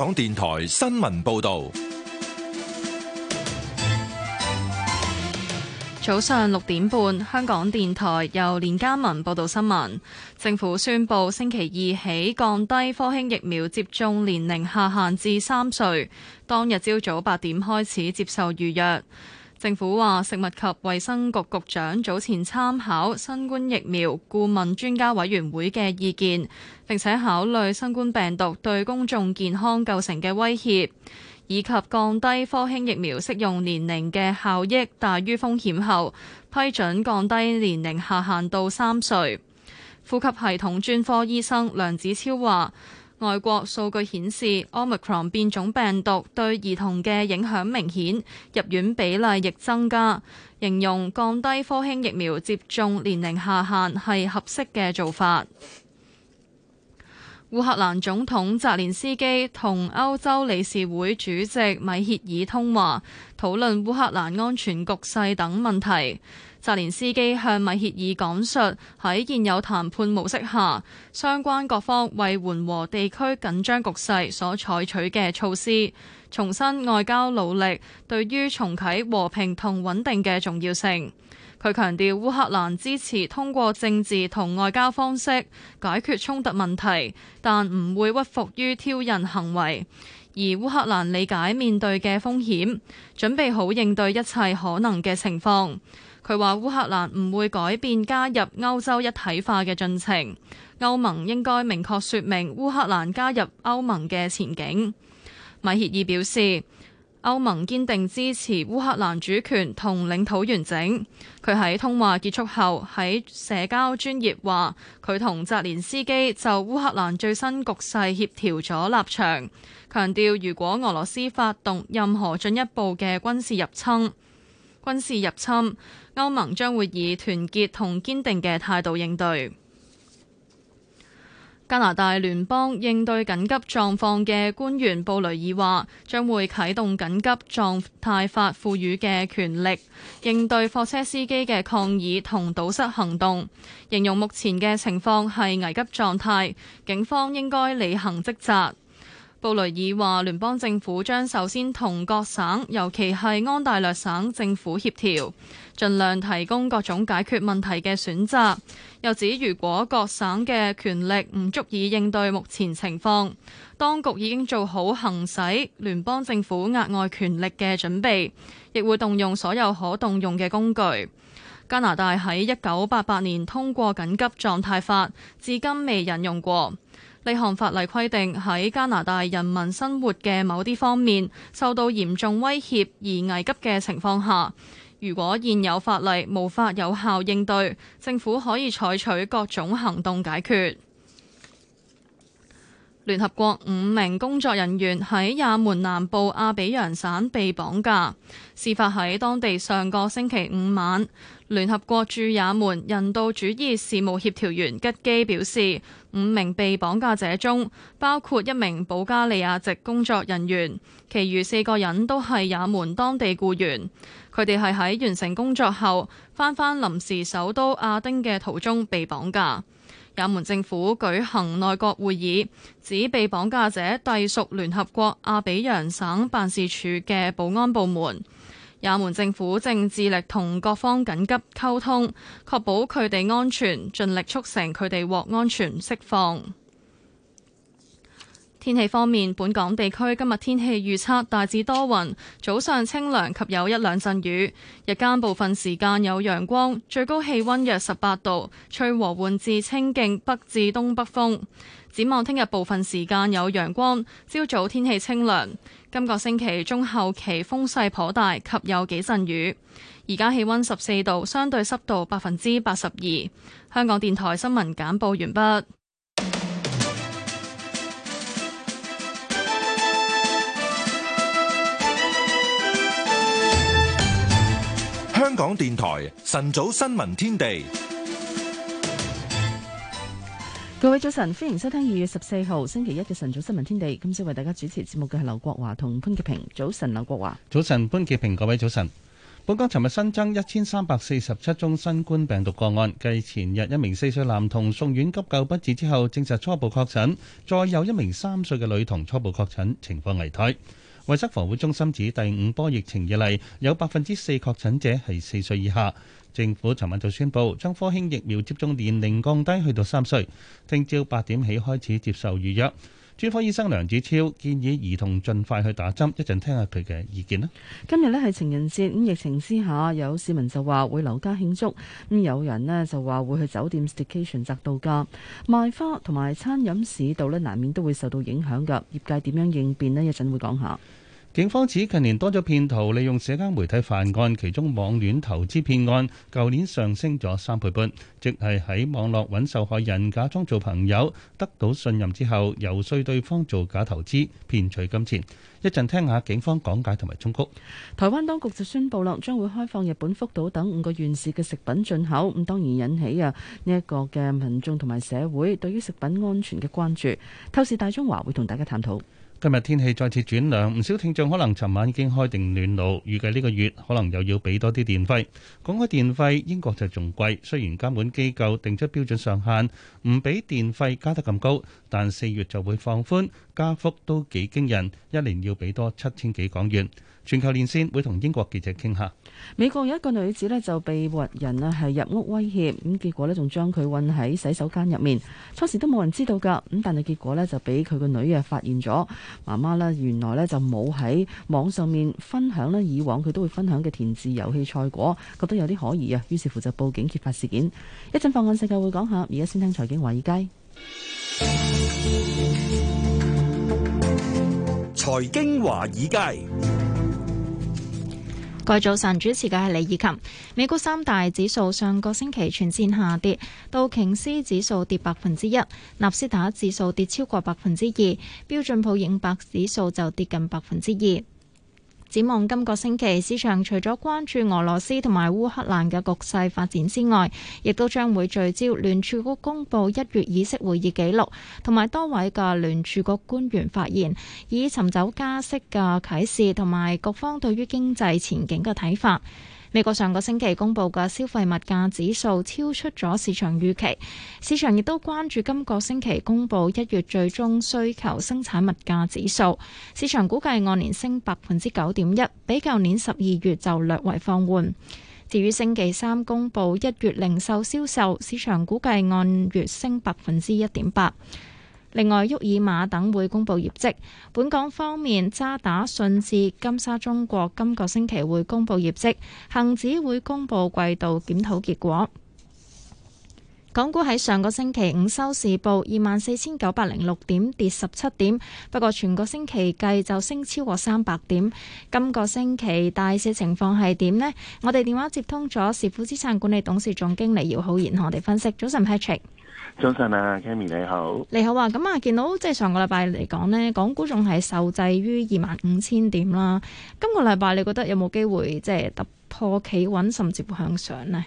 港電台新聞報道。早上六點半，香港電台由連家文報道新聞。政府宣佈星期二起降低科興疫苗接種年齡下限至三歲，當日朝早八點開始接受預約。政府話，食物及衛生局局長早前參考新冠疫苗顧問專家委員會嘅意見，並且考慮新冠病毒對公眾健康構成嘅威脅，以及降低科興疫苗適用年齡嘅效益大於風險後，批准降低年齡下限到三歲。呼吸系統專科醫生梁子超話：外國數據顯示，Omicron 變種病毒對兒童嘅影響明顯，入院比例亦增加。形容降低科興疫苗接種年齡下限係合適嘅做法。烏克蘭總統澤連斯基同歐洲理事會主席米歇爾通話，討論烏克蘭安全局勢等問題。澤連斯基向米歇爾講述喺現有談判模式下，相關各方為緩和地區緊張局勢所採取嘅措施，重申外交努力對於重啟和平同穩定嘅重要性。佢強調，烏克蘭支持通過政治同外交方式解決衝突問題，但唔會屈服於挑釁行為。而烏克蘭理解面對嘅風險，準備好應對一切可能嘅情況。佢話：烏克蘭唔會改變加入歐洲一體化嘅進程，歐盟應該明確說明烏克蘭加入歐盟嘅前景。米歇爾表示，歐盟堅定支持烏克蘭主權同領土完整。佢喺通話結束後喺社交專業話，佢同澤連斯基就烏克蘭最新局勢協調咗立場，強調如果俄羅斯發動任何進一步嘅軍事入侵，軍事入侵。歐盟將會以團結同堅定嘅態度應對。加拿大聯邦應對緊急狀況嘅官員布雷爾話，將會啟動緊急狀態法賦予嘅權力，應對貨車司機嘅抗議同堵塞行動，形容目前嘅情況係危急狀態，警方應該履行職責。布雷爾話：聯邦政府將首先同各省，尤其係安大略省政府協調，盡量提供各種解決問題嘅選擇。又指如果各省嘅權力唔足以應對目前情況，當局已經做好行使聯邦政府額外權力嘅準備，亦會動用所有可動用嘅工具。加拿大喺一九八八年通過緊急狀態法，至今未引用過。呢項法例規定喺加拿大人民生活嘅某啲方面受到嚴重威脅而危急嘅情況下，如果現有法例無法有效應對，政府可以採取各種行動解決。聯 合國五名工作人員喺也門南部阿比揚省被綁架，事發喺當地上個星期五晚。聯合國駐也門人道主義事務協調員吉基表示，五名被綁架者中包括一名保加利亞籍工作人員，其餘四個人都係也門當地僱員。佢哋係喺完成工作後，翻返臨時首都亞丁嘅途中被綁架。也門政府舉行內閣會議，指被綁架者隸屬聯合國阿比揚省辦事處嘅保安部門。也門政府正致力同各方緊急溝通，確保佢哋安全，盡力促成佢哋獲安全釋放。天氣方面，本港地區今日天氣預測大致多雲，早上清涼及有一兩陣雨，日間部分時間有陽光，最高氣溫約十八度，吹和緩至清勁北至東北風。展望聽日部分時間有陽光，朝早天氣清涼。今個星期中後期風勢頗大及有幾陣雨。而家氣溫十四度，相對濕度百分之八十二。香港電台新聞簡報完畢。香港電台晨早新聞天地，各位早晨，歡迎收聽二月十四號星期一嘅晨早新聞天地。今次為大家主持節目嘅係劉國華同潘潔平。早晨，劉國華。早晨，潘潔平。各位早晨。本港尋日新增一千三百四十七宗新冠病毒個案，繼前日一名四歲男童送院急救不治之後，證實初步確診，再有一名三歲嘅女童初步確診，情況危殆。衛生防護中心指第五波疫情以嚟有百分之四確診者係四歲以下。政府尋晚就宣布將科興疫苗接種年齡降低去到三歲，聽朝八點起開始接受預約。專科醫生梁子超建議兒童盡快去打針，一陣聽下佢嘅意見啦。今日呢係情人節，咁疫情之下有市民就話會留家慶祝，咁有人呢就話會去酒店 staycation 度假。賣花同埋餐飲市道呢，難免都會受到影響噶。業界點樣應變呢？一陣會講下。警方指近年多咗騙徒利用社交媒體犯案，其中網戀投資騙案，舊年上升咗三倍半，即係喺網絡揾受害人，假裝做朋友，得到信任之後，遊說對方做假投資，騙取金錢。一陣聽下警方講解同埋忠告。台灣當局就宣布啦，將會開放日本福島等五個縣市嘅食品進口，咁當然引起啊呢一個嘅民眾同埋社會對於食品安全嘅關注。透視大中華會同大家探討。今日天氣再次轉涼，唔少聽眾可能尋晚已經開定暖爐。預計呢個月可能又要俾多啲電費。講開電費，英國就仲貴。雖然監管機構定出標準上限，唔俾電費加得咁高，但四月就會放寬，加幅都幾驚人，一年要俾多七千幾港元。全球連線會同英國記者傾下。美國有一個女子咧，就被活人啊，係入屋威脅，咁結果咧，仲將佢困喺洗手間入面，初時都冇人知道噶，咁但係結果咧就俾佢個女啊發現咗，媽媽咧原來咧就冇喺網上面分享咧以往佢都會分享嘅填字遊戲賽果，覺得有啲可疑啊，於是乎就報警揭發事件。一陣放眼世界會講下，而家先聽財經華爾街。財經華爾街。各位早晨，主持嘅係李以琴。美國三大指數上個星期全線下跌，道瓊斯指數跌百分之一，納斯達指數跌超過百分之二，標準普爾五百指數就跌近百分之二。展望今個星期，市場除咗關注俄羅斯同埋烏克蘭嘅局勢發展之外，亦都將會聚焦聯儲局公布一月議息會議記錄，同埋多位嘅聯儲局官員發言，以尋找加息嘅啟示，同埋各方對於經濟前景嘅睇法。美國上個星期公布嘅消費物價指數超出咗市場預期，市場亦都關注今個星期公布一月最終需求生產物價指數，市場估計按年升百分之九點一，比舊年十二月就略為放緩。至於星期三公布一月零售銷售，市場估計按月升百分之一點八。另外，沃爾瑪等會公布業績。本港方面，渣打、信置、金沙中國今個星期會公布業績，恒指會公布季度檢討結果。港股喺上個星期五收市報二萬四千九百零六點，跌十七點。不過，全個星期計就升超過三百點。今個星期大市情況係點呢？我哋電話接通咗，時富資產管理董事總經理姚浩然同我哋分析。早晨，Patrick。早晨啊 Cammy 你好，你好啊。咁啊，見到即係上個禮拜嚟講咧，港股仲係受制於二萬五千點啦。今個禮拜你覺得有冇機會即係突破企穩，甚至乎向上咧？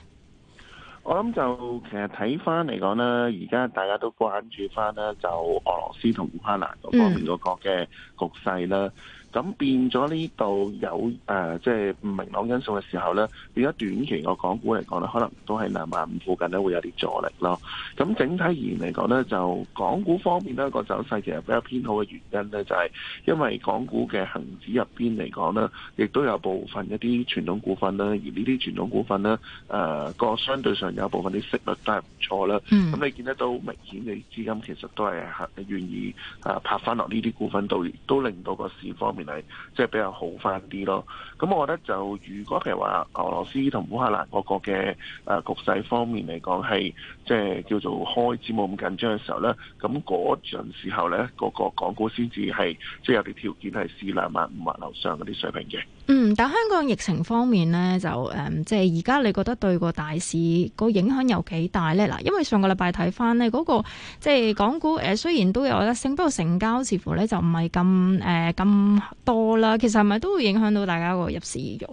我諗就其實睇翻嚟講咧，而家大家都關注翻咧，就俄羅斯同烏克蘭嗰方面嗰個嘅局勢啦。嗯咁變咗呢度有誒，即係唔明朗因素嘅時候咧，而家短期個港股嚟講咧，可能都係兩萬五附近咧會有啲助力咯。咁整體而言嚟講咧，就港股方面咧，個走勢其實比較偏好嘅原因咧，就係、是、因為港股嘅恒指入邊嚟講咧，亦都有部分一啲傳統股份啦。而呢啲傳統股份咧，誒、呃、個相對上有一部分啲息率都係唔錯啦。咁、嗯、你見得到明顯嘅資金其實都係肯願意誒拍翻落呢啲股份度，都令到個市方面嚟即係比較好翻啲咯。咁我覺得就如果譬如話俄羅斯同烏克蘭個個嘅誒局勢方面嚟講，係即係叫做開始冇咁緊張嘅時候咧，咁嗰陣時候咧，個個港股先至係即係有啲條件係試兩萬五或樓上嗰啲水平嘅。嗯，但香港疫情方面咧，就誒、嗯、即係而家你覺得對個大市個影響有幾大咧？嗱，因為上個禮拜睇翻呢嗰、嗰個即係港股誒，雖然都有得升，不過成交似乎咧就唔係咁誒咁。呃多啦，其實係咪都會影響到大家個入市意欲？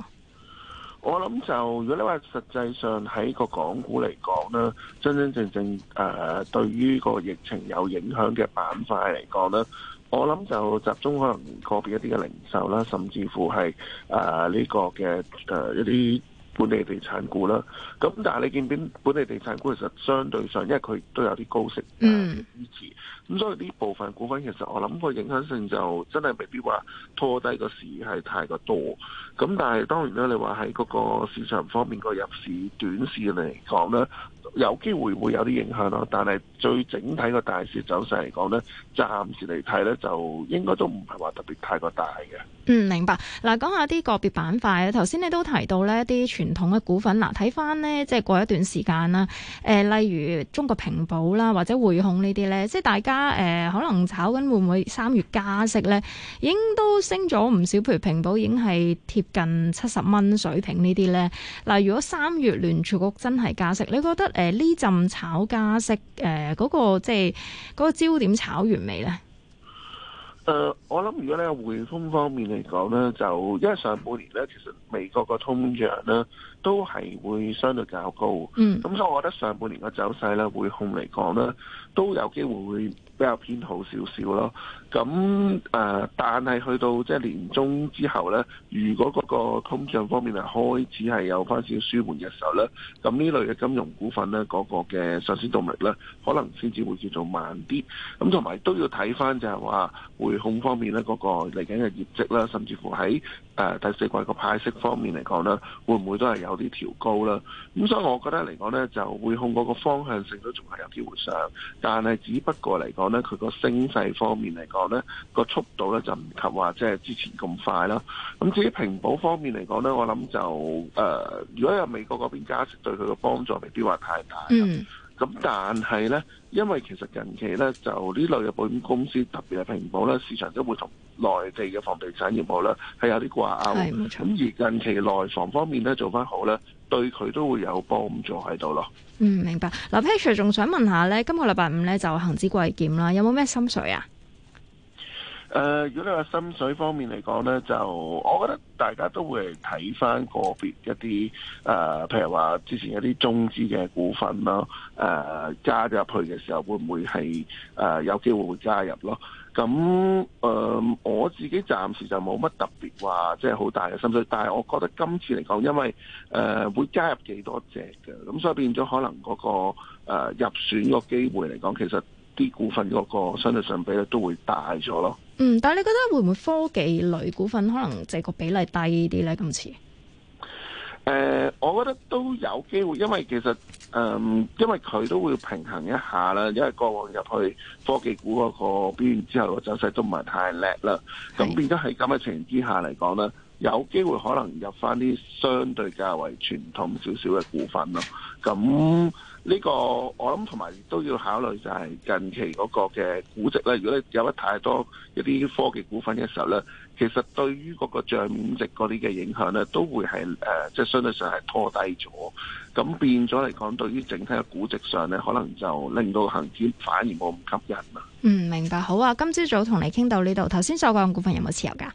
我諗就如果你話實際上喺個港股嚟講咧，真真正正誒、呃，對於個疫情有影響嘅板塊嚟講咧，我諗就集中可能個別一啲嘅零售啦，甚至乎係誒呢個嘅誒、呃、一啲本地地產股啦。咁但係你見本本地地產股其實相對上，因為佢都有啲高息、呃、嗯、支持。咁所以呢部分股份其實我諗個影響性就真係未必話拖低個市係太過多，咁但係當然啦，你話喺嗰個市場方面個入市短線嚟講咧，有機會會有啲影響咯，但係最整體個大市走勢嚟講呢，暫時嚟睇呢，就應該都唔係話特別太過大嘅。嗯，明白。嗱、啊，講下啲個別板塊啊。頭先你都提到呢啲傳統嘅股份嗱，睇翻呢，即係過一段時間啦。誒、呃，例如中國平保啦，或者匯控呢啲呢，即係大家誒、呃，可能炒緊會唔會三月加息呢？已經都升咗唔少，譬如平保已經係貼近七十蚊水平呢啲呢。嗱、啊，如果三月聯儲局真係加息，你覺得？誒，呢陣炒加息誒，嗰、呃那個即係、那個焦點炒完未呢？誒、呃，我諗果家咧匯豐，方面嚟講呢，就因為上半年呢，其實美國個通脹呢都係會相對較高，嗯，咁所以我覺得上半年個走勢呢，匯豐嚟講呢，都有機會會比較偏好少少咯。咁誒、呃，但係去到即係年中之後咧，如果嗰個通脹方面係開始係有返少少舒緩嘅時候咧，咁呢類嘅金融股份咧，嗰、嗰個嘅上升動力咧，可能先至會叫做慢啲。咁同埋都要睇返就係話，匯控方面咧，嗰、嗰個嚟緊嘅業績啦，甚至乎喺。誒、呃、第四季個派息方面嚟講咧，會唔會都係有啲調高咧？咁、嗯、所以我覺得嚟講咧，就會控嗰個方向性都仲係有機會上，但係只不過嚟講咧，佢個升勢方面嚟講咧，個速度咧就唔及話即係之前咁快啦。咁、嗯、至於平保方面嚟講咧，我諗就誒、呃，如果有美國嗰邊加息，對佢嘅幫助未必話太大。嗯。咁但係咧，因為其實近期咧，就呢類嘅保險公司，特別係平保咧，市場都會同內地嘅房地產業務咧係有啲掛鈎。係，冇錯。咁而近期內房方面咧做翻好咧，對佢都會有幫助喺度咯。嗯，明白。嗱，Patrick 仲想問下咧，今個禮拜五咧就恆指貴檢啦，有冇咩心水啊？誒、呃，如果你話心水方面嚟講咧，就我覺得大家都會睇返個別一啲誒、呃，譬如話之前一啲中資嘅股份啦，誒、呃、加咗入去嘅時候，會唔會係誒、呃、有機會會加入咯？咁誒、呃，我自己暫時就冇乜特別話，即係好大嘅心水。但係我覺得今次嚟講，因為誒、呃、會加入幾多隻嘅，咁所以變咗可能嗰、那個、呃、入選個機會嚟講，其實啲股份嗰個相對上比咧都會大咗咯。嗯，但係你覺得會唔會科技類股份可能即係個比例低啲呢？今次？誒、呃，我覺得都有機會，因為其實誒、呃，因為佢都會平衡一下啦，因為過往入去科技股嗰個邊之後個走勢都唔係太叻啦，咁是變咗喺咁嘅情形之下嚟講咧，有機會可能入翻啲相對較為傳統少少嘅股份咯，咁。呢個我諗，同埋都要考慮就係近期嗰個嘅估值咧，如果你有得太多一啲科技股份嘅時候咧，其實對於嗰個賬值嗰啲嘅影響咧，都會係誒即係相對上係拖低咗，咁變咗嚟講，對於整體嘅估值上咧，可能就令到恒指反而冇咁吸引啦。嗯，明白。好啊，今朝早同你傾到呢度。頭先所講股份有冇持有噶？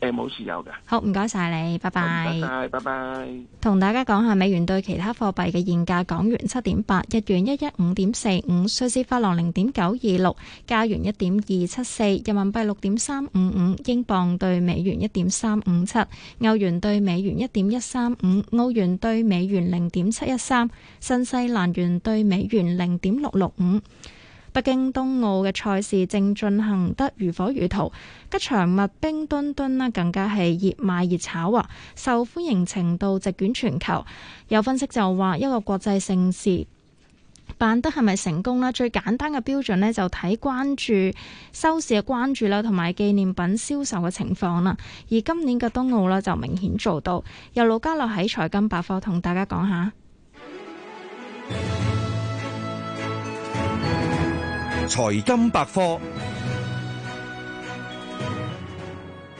誒，冇事有嘅。好，唔該晒你，拜拜。唔該，拜拜。同大家講下美元對其他貨幣嘅現價：港元七點八，日元一一五點四五，瑞士法郎零點九二六，加元一點二七四，人民幣六點三五五，英鎊兌美元一點三五七，歐元兌美元一點一三五，澳元兌美元零點七一三，新西蘭元兌美元零點六六五。北京冬奧嘅賽事正進行得如火如荼，吉祥物冰墩墩啦，更加係熱賣熱炒啊，受歡迎程度席捲全球。有分析就話，一個國際盛事辦得係咪成功呢？最簡單嘅標準呢，就睇關注收視嘅關注啦，同埋紀念品銷售嘅情況啦。而今年嘅冬奧呢，就明顯做到。由盧嘉樂喺財金百貨同大家講下。 財金百科，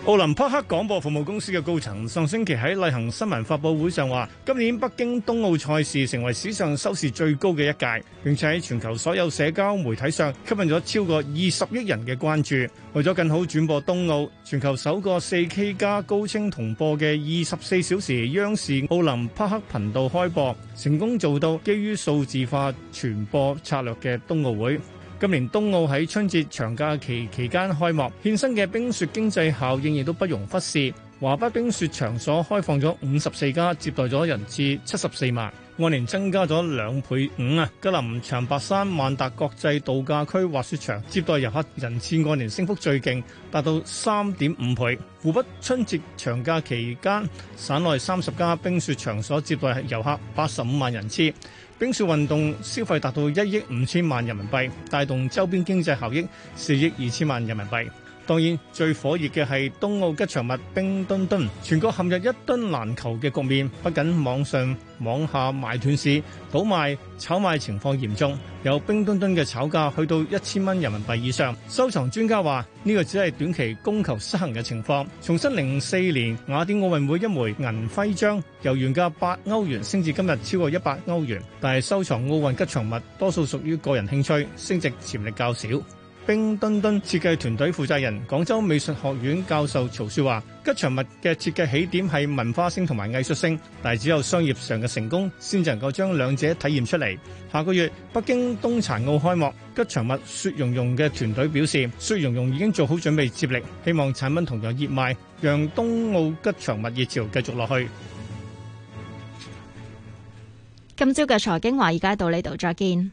奧林匹克廣播服務公司嘅高層上星期喺例行新聞發布會上話，今年北京冬奧賽事成為史上收視最高嘅一屆，並且喺全球所有社交媒體上吸引咗超過二十億人嘅關注。為咗更好轉播冬奧，全球首個四 K 加高清同播嘅二十四小時央視奧林匹克頻道開播，成功做到基於數字化傳播策略嘅冬奧會。今年冬奧喺春節長假期期間開幕，現身嘅冰雪經濟效應亦都不容忽視。華北冰雪場所開放咗五十四家，接待咗人次七十四萬，按年增加咗兩倍五啊！吉林長白山萬達國際度假區滑雪場接待遊客人次按年升幅最勁，達到三點五倍。湖北春節長假期間，省內三十家冰雪場所接待遊客八十五萬人次。冰雪運動消費達到一億五千萬人民幣，帶動周邊經濟效益四億二千萬人民幣。當然，最火熱嘅係冬奧吉祥物冰墩墩，全國陷入一墩難求嘅局面，不僅網上網下賣斷市，倒賣、炒賣情況嚴重，有冰墩墩嘅炒價去到一千蚊人民幣以上。收藏專家話：呢個只係短期供求失衡嘅情況。從新零四年雅典奧運會一枚銀徽章，由原價八歐元升至今日超過一百歐元，但係收藏奧運吉祥物多數屬於個人興趣，升值潛力較少。冰墩墩設計團隊負責人、廣州美術學院教授曹雪話：吉祥物嘅設計起點係文化性同埋藝術性，但係只有商業上嘅成功，先至能夠將兩者體現出嚟。下個月北京冬殘奧開幕，吉祥物雪容融嘅團隊表示，雪容融已經做好準備接力，希望產品同樣熱賣，讓冬奧吉祥物熱潮繼續落去。今朝嘅財經話，而家到呢度再見。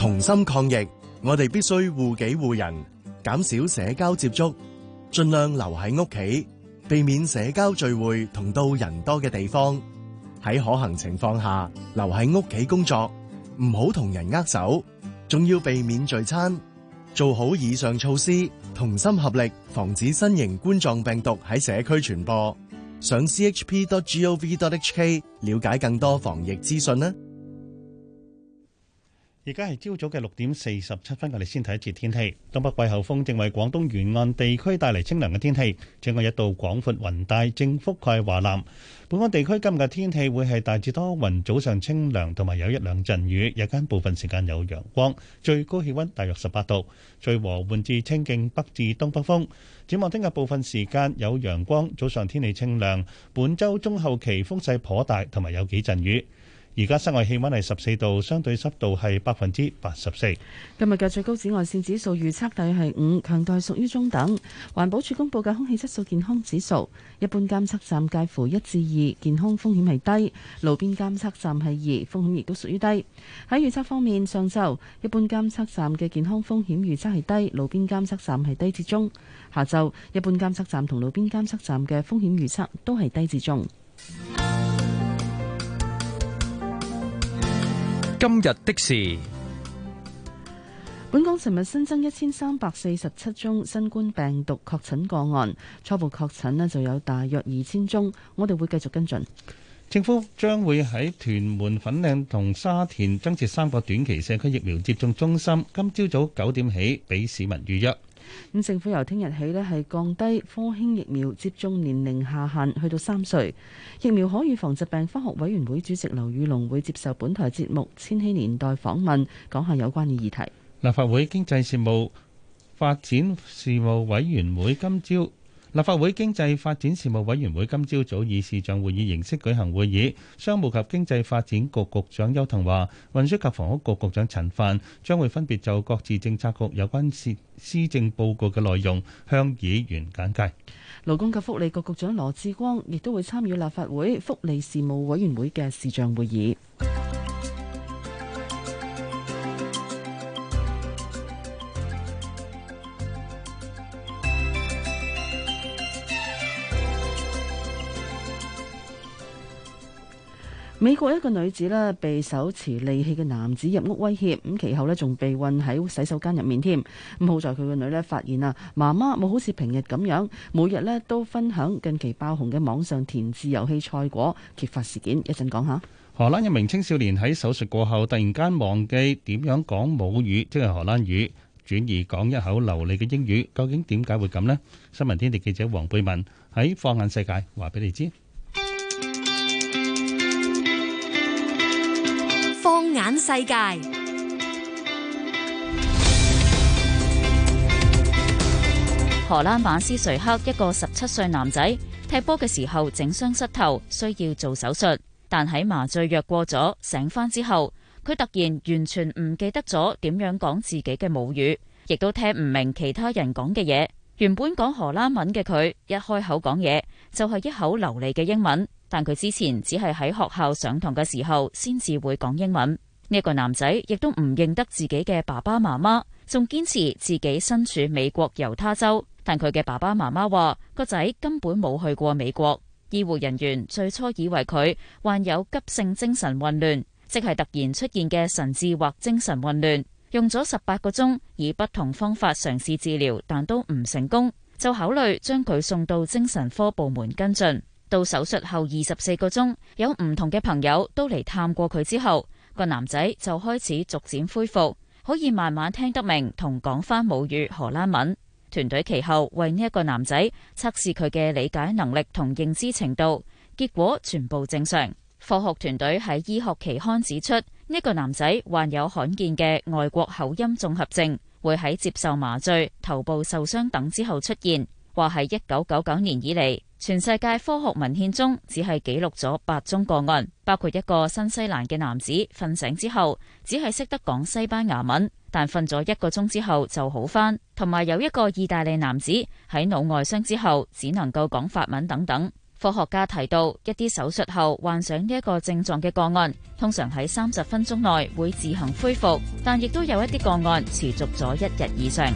同心抗疫，我哋必須護己護人，減少社交接觸，盡量留喺屋企，避免社交聚會同到人多嘅地方。喺可行情況下，留喺屋企工作，唔好同人握手，仲要避免聚餐。做好以上措施，同心合力，防止新型冠狀病毒喺社區傳播。上 chp.gov.hk 了解更多防疫資訊啦。而家係朝早嘅六點四十七分，我哋先睇一節天氣。東北季候風正為廣東沿岸地區帶嚟清涼嘅天氣，整個一道廣闊雲帶正覆蓋華南。本港地區今日嘅天氣會係大致多雲，早上清涼，同埋有一兩陣雨，日間部分時間有陽光，最高氣溫大約十八度，最和緩至清勁北至東北風。展望聽日部分時間有陽光，早上天氣清涼。本周中後期風勢頗大，同埋有幾陣雨。而家室外氣溫係十四度，相對濕度係百分之八十四。今日嘅最高紫外線指數預測大約係五，強度屬於中等。環保署公布嘅空氣質素健康指數，一般監測站介乎一至二，健康風險係低；路邊監測站係二，風險亦都屬於低。喺預測方面，上晝一般監測站嘅健康風險預測係低，路邊監測站係低至中。下晝一般監測站同路邊監測站嘅風險預測都係低至中。今日的事，本港昨日新增一千三百四十七宗新冠病毒確診個案，初步確診咧就有大約二千宗，我哋會繼續跟進。政府將會喺屯門粉嶺同沙田增設三個短期社區疫苗接種中心，今朝早九點起俾市民預約。咁政府由聽日起咧，係降低科興疫苗接種年齡下限，去到三歲。疫苗可預防疾病科學委員會主席劉宇龍會接受本台節目《千禧年代》訪問，講下有關嘅議題。立法會經濟事務發展事務委員會今朝。立法會經濟發展事務委員會今朝早以視像會議形式舉行會議，商務及經濟發展局局長邱騰華，運輸及房屋局局長陳帆將會分別就各自政策局有關施施政報告嘅內容向議員簡介。勞工及福利局局長羅志光亦都會參與立法會福利事務委員會嘅視像會議。美國一個女子咧被手持利器嘅男子入屋威脅，咁其後咧仲被困喺洗手間入面添。咁好在佢個女咧發現啊，媽媽冇好似平日咁樣，每日咧都分享近期爆紅嘅網上填字遊戲賽果揭發事件。一陣講下。荷蘭一名青少年喺手術過後突然間忘記點樣講母語，即係荷蘭語，轉而講一口流利嘅英語。究竟點解會咁咧？新聞天地記者黃貝文喺放眼世界話俾你知。眼世界，荷蘭馬斯瑞克，一個十七歲男仔踢波嘅時候整傷膝頭，需要做手術。但喺麻醉藥過咗醒翻之後，佢突然完全唔記得咗點樣講自己嘅母語，亦都聽唔明其他人講嘅嘢。原本講荷蘭文嘅佢，一開口講嘢就係、是、一口流利嘅英文。但佢之前只係喺學校上堂嘅時候先至會講英文。呢個男仔亦都唔認得自己嘅爸爸媽媽，仲堅持自己身處美國猶他州。但佢嘅爸爸媽媽話，個仔根本冇去過美國。醫護人員最初以為佢患有急性精神混亂，即係突然出現嘅神志或精神混亂。用咗十八個鐘以不同方法嘗試治療，但都唔成功，就考慮將佢送到精神科部門跟進。到手術後二十四個鐘，有唔同嘅朋友都嚟探過佢之後，個男仔就開始逐漸恢復，可以慢慢聽得明同講返母語荷蘭文。團隊其後為呢一個男仔測試佢嘅理解能力同認知程度，結果全部正常。科學團隊喺醫學期刊指出，呢、這個男仔患有罕見嘅外國口音綜合症，會喺接受麻醉、頭部受傷等之後出現，話係一九九九年以嚟。全世界科學文獻中只係記錄咗八宗個案，包括一個新西蘭嘅男子瞓醒之後只係識得講西班牙文，但瞓咗一個鐘之後就好返；同埋有一個意大利男子喺腦外傷之後只能夠講法文等等。科學家提到，一啲手術後患上呢一個症狀嘅個案，通常喺三十分鐘內會自行恢復，但亦都有一啲個案持續咗一日以上。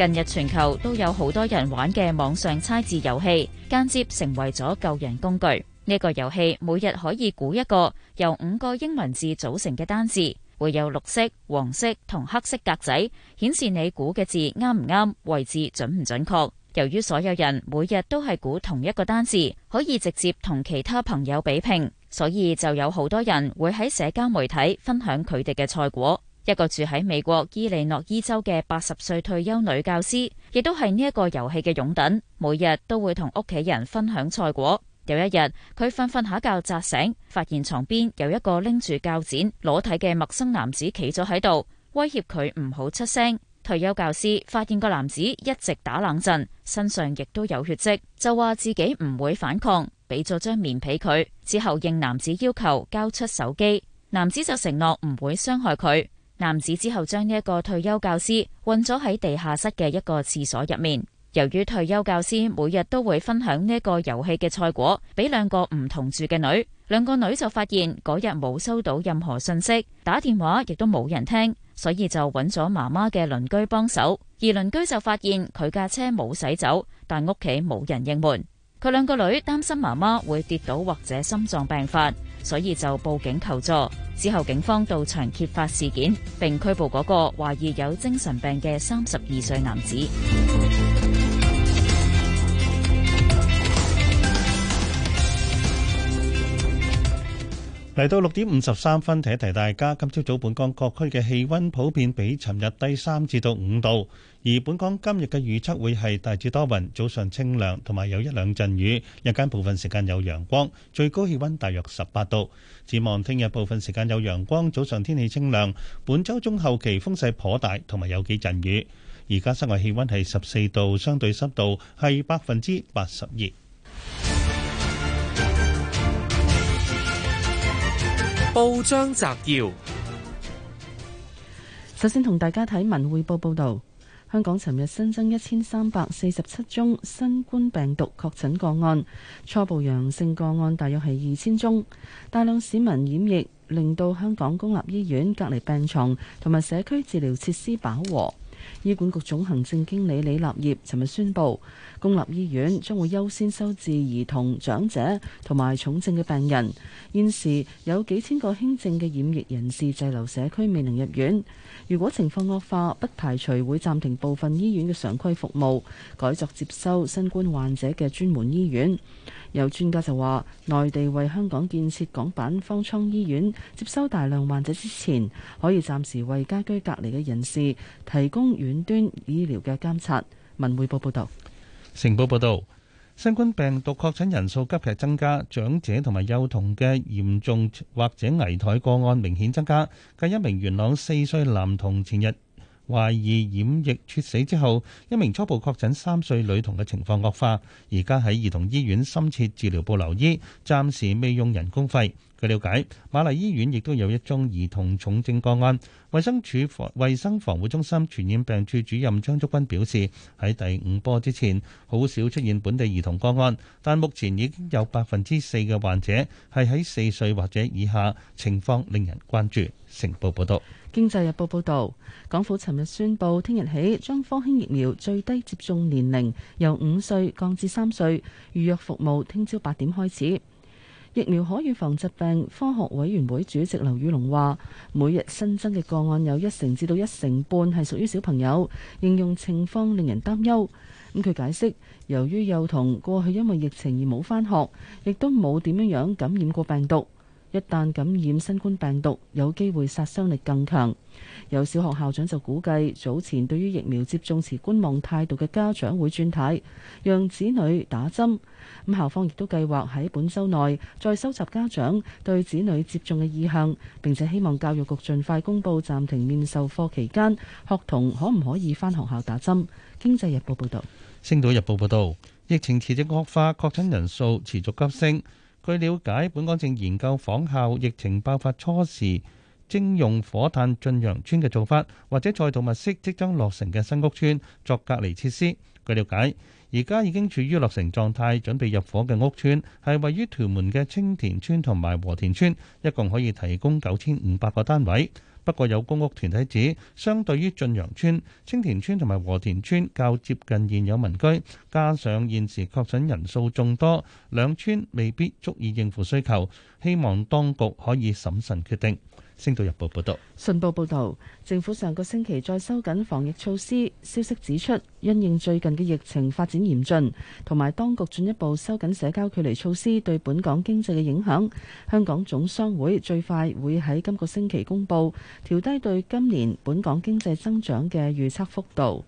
近日全球都有好多人玩嘅網上猜字遊戲，間接成為咗救人工具。呢個遊戲每日可以估一個由五個英文字組成嘅單字，會有綠色、黃色同黑色格仔顯示你估嘅字啱唔啱、位置準唔準確。由於所有人每日都係估同一個單字，可以直接同其他朋友比拼，所以就有好多人會喺社交媒體分享佢哋嘅賽果。一個住喺美國伊利諾伊州嘅八十歲退休女教師，亦都係呢一個遊戲嘅擁躉，每日都會同屋企人分享賽果。有一日，佢瞓瞓下覺，扎醒，發現床邊有一個拎住鉸剪裸體嘅陌生男子企咗喺度，威脅佢唔好出聲。退休教師發現個男子一直打冷震，身上亦都有血跡，就話自己唔會反抗，俾咗張棉被佢之後，應男子要求交出手機，男子就承諾唔會傷害佢。男子之後將呢一個退休教師困咗喺地下室嘅一個廁所入面。由於退休教師每日都會分享呢個遊戲嘅菜果，俾兩個唔同住嘅女，兩個女就發現嗰日冇收到任何信息，打電話亦都冇人聽，所以就揾咗媽媽嘅鄰居幫手。而鄰居就發現佢架車冇駛走，但屋企冇人應門。佢兩個女擔心媽媽會跌倒或者心臟病發。所以就報警求助，之後警方到場揭發事件，並拘捕嗰個懷疑有精神病嘅三十二歲男子。嚟到六點五十三分，提一提大家，今朝早本港各區嘅氣溫普遍比尋日低三至到五度。而本港今日嘅預測會係大致多雲，早上清涼，同埋有一兩陣雨，日間部分時間有陽光，最高氣溫大約十八度。展望聽日部分時間有陽光，早上天氣清涼。本周中後期風勢頗大，同埋有幾陣雨。而家室外氣溫係十四度，相對濕度係百分之八十二。報章摘要，首先同大家睇文匯報報道。香港尋日新增一千三百四十七宗新冠病毒確診個案，初步陽性個案大約係二千宗，大量市民染疫，令到香港公立醫院隔離病床同埋社區治療設施飽和。醫管局總行政經理李立業尋日宣布，公立醫院將會優先收治兒童、長者同埋重症嘅病人。現時有幾千個輕症嘅染疫人士滯留社區，未能入院。如果情況惡化，不排除會暫停部分醫院嘅常規服務，改作接收新冠患者嘅專門醫院。有專家就話，內地為香港建設港版方艙醫院，接收大量患者之前，可以暫時為家居隔離嘅人士提供遠端醫療嘅監察。文匯報報道：《成報》報道，新冠病毒確診人數急劇增加，長者同埋幼童嘅嚴重或者危殆個案明顯增加，近一名元朗四歲男童前日。懷疑染疫猝死之後，一名初步確診三歲女童嘅情況惡化，而家喺兒童醫院深切治療部留醫，暫時未用人工肺。據了解，瑪麗醫院亦都有一宗兒童重症個案。衛生署防衛生防護中心傳染病處主任張竹君表示，喺第五波之前，好少出現本地兒童個案，但目前已經有百分之四嘅患者係喺四歲或者以下，情況令人關注。成報報道。經濟日報報導，港府尋日宣布，聽日起將科興疫苗最低接種年齡由五歲降至三歲，預約服務聽朝八點開始。疫苗可預防疾病科學委員會主席劉宇龍話，每日新增嘅個案有一成至到一成半係屬於小朋友，應用情況令人擔憂。咁、嗯、佢解釋，由於幼童過去因為疫情而冇返學，亦都冇點樣樣感染過病毒。一旦感染新冠病毒，有機會殺傷力更強。有小學校長就估計，早前對於疫苗接種持觀望態度嘅家長會轉軚，讓子女打針，咁校方亦都計劃喺本周內再收集家長對子女接種嘅意向，並且希望教育局盡快公布暫停面授課期間，學童可唔可以翻學校打針。經濟日報報道。星島日報報道，疫情持續惡化，確診人數持續急升。據了解，本港正研究仿效疫情爆發初時徵用火炭駿洋村嘅做法，或者再度物色即將落成嘅新屋村作隔離設施。據了解，而家已經處於落成狀態、準備入伙嘅屋村，係位於屯門嘅菁田村同埋和田村，一共可以提供九千五百個單位。不過有公屋團體指，相對於晉陽村、青田村同埋和田村較接近現有民居，加上現時確診人數眾多，兩村未必足以應付需求，希望當局可以審慎決定。星島日報報道，信報報道，政府上個星期再收緊防疫措施。消息指出，因應最近嘅疫情發展嚴峻，同埋當局進一步收緊社交距離措施，對本港經濟嘅影響，香港總商會最快會喺今個星期公布調低對今年本港經濟增長嘅預測幅度。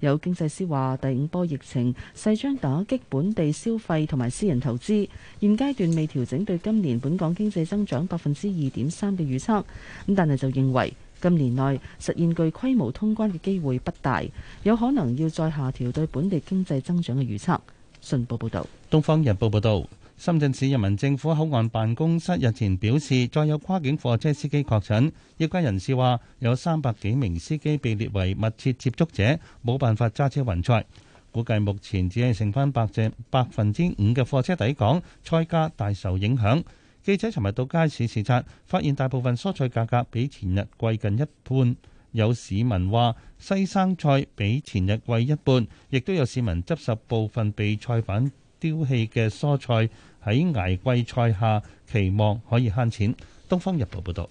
有經濟師話：第五波疫情勢將打擊本地消費同埋私人投資，現階段未調整對今年本港經濟增長百分之二點三嘅預測。咁但係就認為今年內實現具規模通關嘅機會不大，有可能要再下調對本地經濟增長嘅預測。信報報道。《東方日報》報導。深圳市人民政府口岸辦公室日前表示，再有跨境貨車司機確診，業界人士話有三百幾名司機被列為密切接觸者，冇辦法揸車運菜。估計目前只係剩翻百只百分之五嘅貨車抵港，菜價大受影響。記者尋日到街市視察，發現大部分蔬菜價格比前日貴近一半。有市民話西生菜比前日貴一半，亦都有市民執拾部分備菜品。消氣嘅蔬菜喺危季菜下，期望可以慳錢。東方日報報道，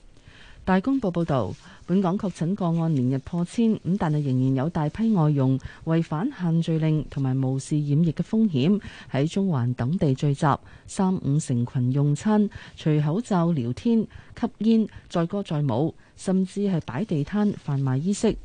大公報報道，本港確診個案連日破千，咁但係仍然有大批外傭違反限聚令同埋無視染疫嘅風險，喺中環等地聚集，三五成群用餐，除口罩聊天、吸煙、載歌載舞，甚至係擺地攤販賣衣飾。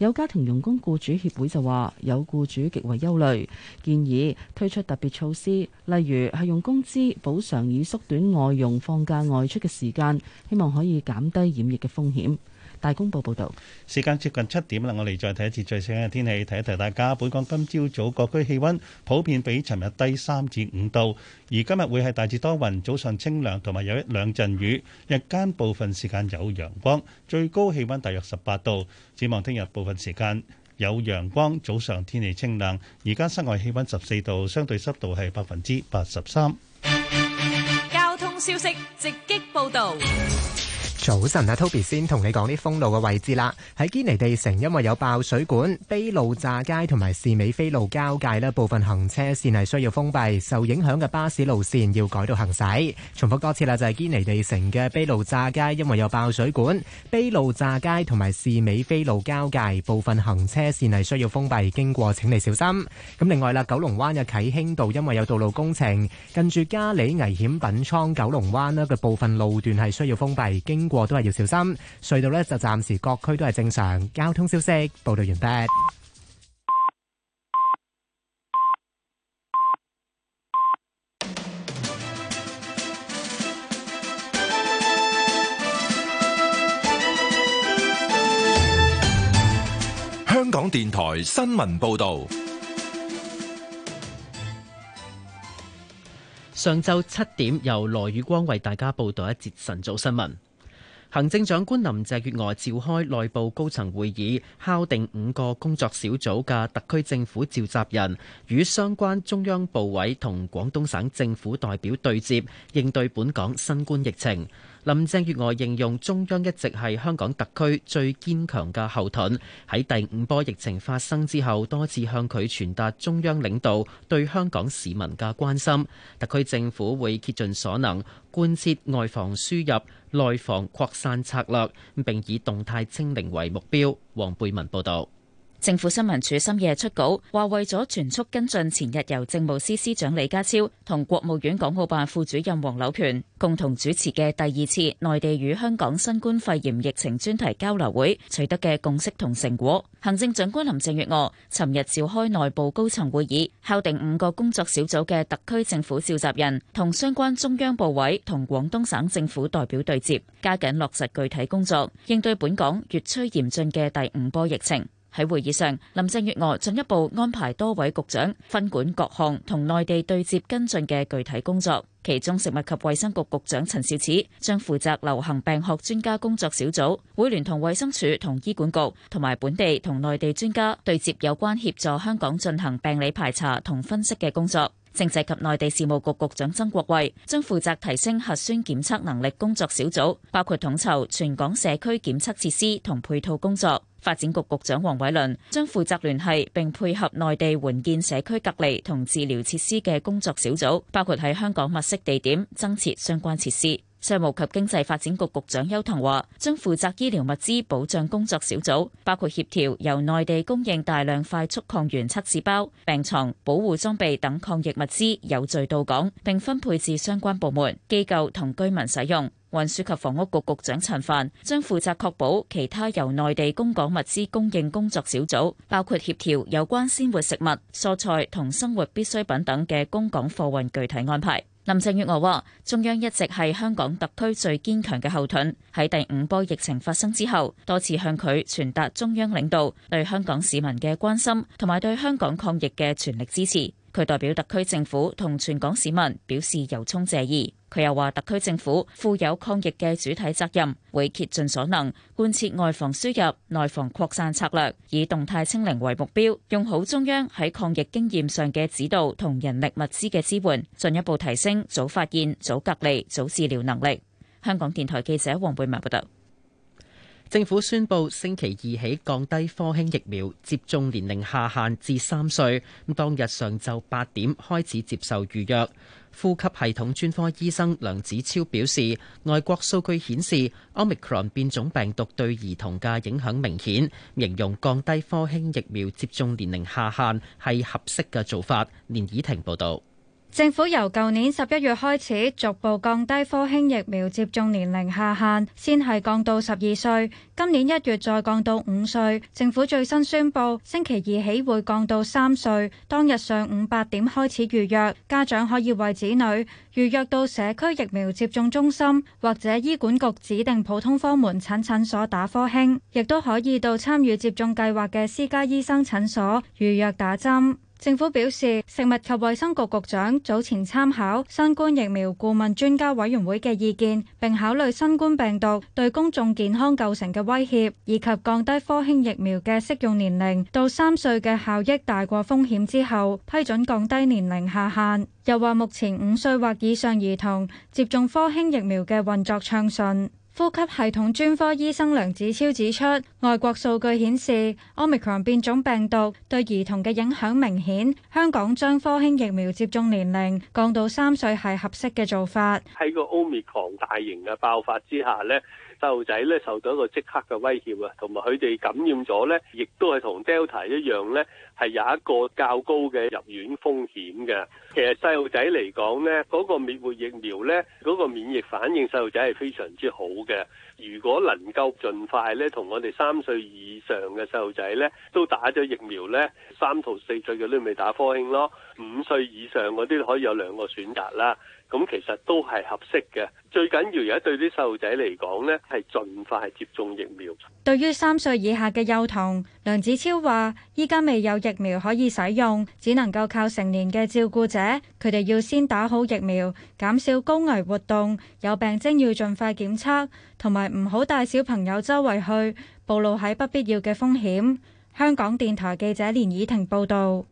有家庭用工雇主協會就話，有雇主極為憂慮，建議推出特別措施，例如係用工資補償以縮短外傭放假外出嘅時間，希望可以減低染疫嘅風險。大公報報道，時間接近七點啦。我哋再睇一次最新嘅天氣，睇一睇大家，本港今朝早各區氣溫普遍比尋日低三至五度，而今日會係大致多雲，早上清涼，同埋有一兩陣雨，日間部分時間有陽光，最高氣溫大約十八度。展望聽日部分時間有陽光，早上天氣清涼。而家室外氣溫十四度，相對濕度係百分之八十三。交通消息直擊報道。早晨啊，Toby 先同你講啲封路嘅位置啦。喺堅尼地城，因為有爆水管，卑路乍街同埋士美菲路交界咧，部分行車線係需要封閉，受影響嘅巴士路線要改道行駛。重複多次啦，就係堅尼地城嘅卑路乍街，因為有爆水管，卑路乍街同埋士美菲路交界部分行車線係需要封閉，經過請你小心。咁另外啦，九龍灣嘅啟興道因為有道路工程，近住嘉里危險品倉九龍灣咧嘅部分路段係需要封閉，經過。都係要小心隧道呢，就暫時各區都係正常交通消息。報道完畢。香港電台新聞報道。上晝七點，由羅宇光為大家報道一節晨早新聞。行政長官林鄭月娥召開內部高層會議，敲定五個工作小組嘅特區政府召集人與相關中央部委同廣東省政府代表對接，應對本港新冠疫情。林鄭月娥形容中央一直係香港特區最堅強嘅後盾，喺第五波疫情發生之後，多次向佢傳達中央領導對香港市民嘅關心。特區政府會竭盡所能貫徹外防輸入、內防擴散策略，並以動態清零為目標。黃貝文報導。政府新聞處深夜出稿，話為咗全速跟進前日由政務司司長李家超同國務院港澳辦副主任黃柳權共同主持嘅第二次內地與香港新冠肺炎疫情專題交流會取得嘅共識同成果，行政長官林鄭月娥尋日召開內部高層會議，敲定五個工作小組嘅特區政府召集人同相關中央部委同廣東省政府代表對接，加緊落實具體工作，應對本港越趨嚴峻嘅第五波疫情。喺會議上，林鄭月娥進一步安排多位局長分管各項同內地對接跟進嘅具體工作，其中食物及衛生局局長陳肇始始將負責流行病學專家工作小組，會聯同衛生署、同醫管局、同埋本地同內地專家對接有關協助香港進行病理排查同分析嘅工作。政制及內地事務局局長曾國衛將負責提升核酸檢測能力工作小組，包括統籌全港社區檢測設施同配套工作。發展局局長黃偉綸將負責聯繫並配合內地援建社區隔離同治療設施嘅工作小組，包括喺香港物色地點，增設相關設施。商務及經濟發展局局長邱騰華將負責醫療物資保障工作小組，包括協調由內地供應大量快速抗原測試包、病床、保護裝備等抗疫物資有序到港，並分配至相關部門、機構同居民使用。運輸及房屋局局長陳帆將負責確保其他由內地供港物資供應工作小組，包括協調有關鮮活食物、蔬菜同生活必需品等嘅供港貨運具體安排。林鄭月娥話：中央一直係香港特區最堅強嘅後盾，喺第五波疫情發生之後，多次向佢傳達中央領導對香港市民嘅關心同埋對香港抗疫嘅全力支持。佢代表特區政府同全港市民表示由衷謝意。佢又話：特區政府負有抗疫嘅主體責任，會竭盡所能貫徹外防輸入、內防擴散策略，以動態清零為目標，用好中央喺抗疫經驗上嘅指導同人力物資嘅支援，進一步提升早發現、早隔離、早治療能力。香港電台記者黃貝文報道。政府宣布星期二起降低科興疫苗接種年齡下限至三歲，咁當日上晝八點開始接受預約。呼吸系統專科醫生梁子超表示，外國數據顯示，Omicron 變種病毒對兒童嘅影響明顯，形容降低科興疫苗接種年齡下限係合適嘅做法。連倚婷報道。政府由舊年十一月開始逐步降低科興疫苗接種年齡下限，先係降到十二歲，今年一月再降到五歲。政府最新宣布，星期二起會降到三歲。當日上午八點開始預約，家長可以為子女預約到社區疫苗接種中心或者醫管局指定普通科門診診所打科興，亦都可以到參與接種計劃嘅私家醫生診所預約打針。政府表示，食物及衛生局局長早前參考新冠疫苗顧問專家委員會嘅意見，並考慮新冠病毒對公眾健康構成嘅威脅，以及降低科興疫苗嘅適用年齡到三歲嘅效益大過風險之後，批准降低年齡下限。又話目前五歲或以上兒童接種科興疫苗嘅運作暢順。呼吸系統專科醫生梁子超指出，外國數據顯示，Omicron 變種病毒對兒童嘅影響明顯。香港將科興疫苗接種年齡降到三歲係合適嘅做法。喺個 Omicron 大型嘅爆發之下呢，細路仔咧受到一個即刻嘅威脅啊，同埋佢哋感染咗呢，亦都係同 Delta 一樣呢，係有一個較高嘅入院風險嘅。其實細路仔嚟講呢，嗰個滅活疫苗呢，嗰個免疫反應細路仔係非常之好嘅。如果能夠盡快呢，同我哋三歲以上嘅細路仔呢，都打咗疫苗呢，三到四歲嘅都未打科興咯，五歲以上嗰啲可以有兩個選擇啦。咁其實都係合適嘅。最緊要，而家對啲細路仔嚟講呢係盡快接種疫苗。對於三歲以下嘅幼童，梁子超話依家未有疫苗可以使用，只能夠靠成年嘅照顧者。佢哋要先打好疫苗，減少高危活動，有病徵要盡快檢測，同埋唔好帶小朋友周圍去，暴露喺不必要嘅風險。香港電台記者連以婷報道。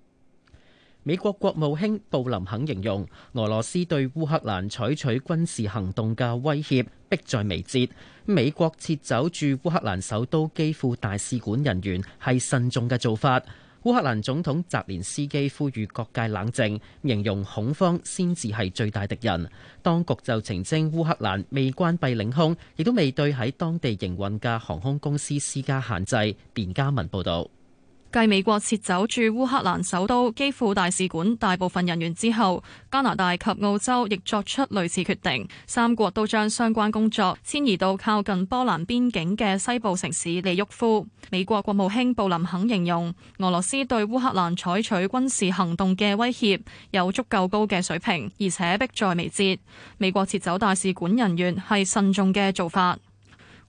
美國國務卿布林肯形容俄羅斯對烏克蘭採取軍事行動嘅威脅迫在眉睫。美國撤走駐烏克蘭首都基輔大使館人員係慎重嘅做法。烏克蘭總統澤連斯基呼籲各界冷靜，形容恐慌先至係最大敵人。當局就澄清烏克蘭未關閉領空，亦都未對喺當地營運嘅航空公司施加限制。卞嘉文報道。繼美國撤走駐烏克蘭首都基輔大使館大部分人員之後，加拿大及澳洲亦作出類似決定，三國都將相關工作遷移到靠近波蘭邊境嘅西部城市利沃夫。美國國務卿布林肯形容，俄羅斯對烏克蘭採取軍事行動嘅威脅有足夠高嘅水平，而且迫在眉睫。美國撤走大使館人員係慎重嘅做法。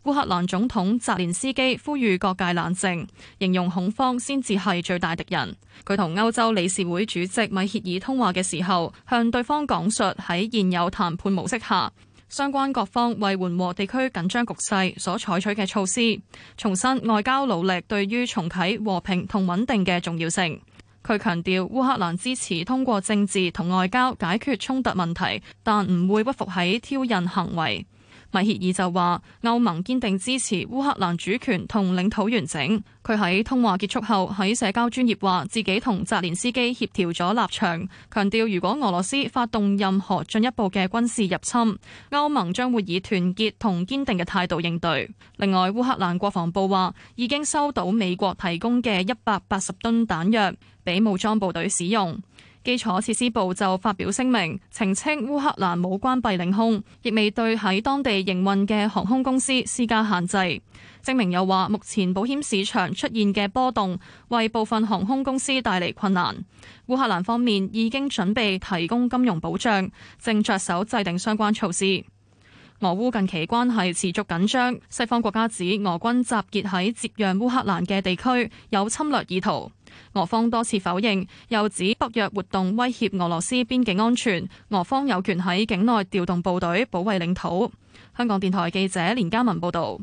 烏克蘭總統澤連斯基呼籲各界冷靜，形容恐慌先至係最大敵人。佢同歐洲理事會主席米歇爾通話嘅時候，向對方講述喺現有談判模式下，相關各方為緩和地區緊張局勢所採取嘅措施，重申外交努力對於重啟和平同穩定嘅重要性。佢強調烏克蘭支持通過政治同外交解決衝突問題，但唔會屈服喺挑釁行為。米歇爾就話：歐盟堅定支持烏克蘭主權同領土完整。佢喺通話結束後喺社交專業話，自己同澤連斯基協調咗立場，強調如果俄羅斯發動任何進一步嘅軍事入侵，歐盟將會以團結同堅定嘅態度應對。另外，烏克蘭國防部話已經收到美國提供嘅一百八十噸彈藥，俾武裝部隊使用。基礎設施部就發表聲明澄清，烏克蘭冇關閉領空，亦未對喺當地營運嘅航空公司施加限制。聲明又話，目前保險市場出現嘅波動，為部分航空公司帶嚟困難。烏克蘭方面已經準備提供金融保障，正着手制定相關措施。俄烏近期關係持續緊張，西方國家指俄軍集結喺接壤烏克蘭嘅地區，有侵略意圖。俄方多次否認，又指北約活動威脅俄羅斯邊境安全，俄方有權喺境內調動部隊保衛領土。香港電台記者連家文報道：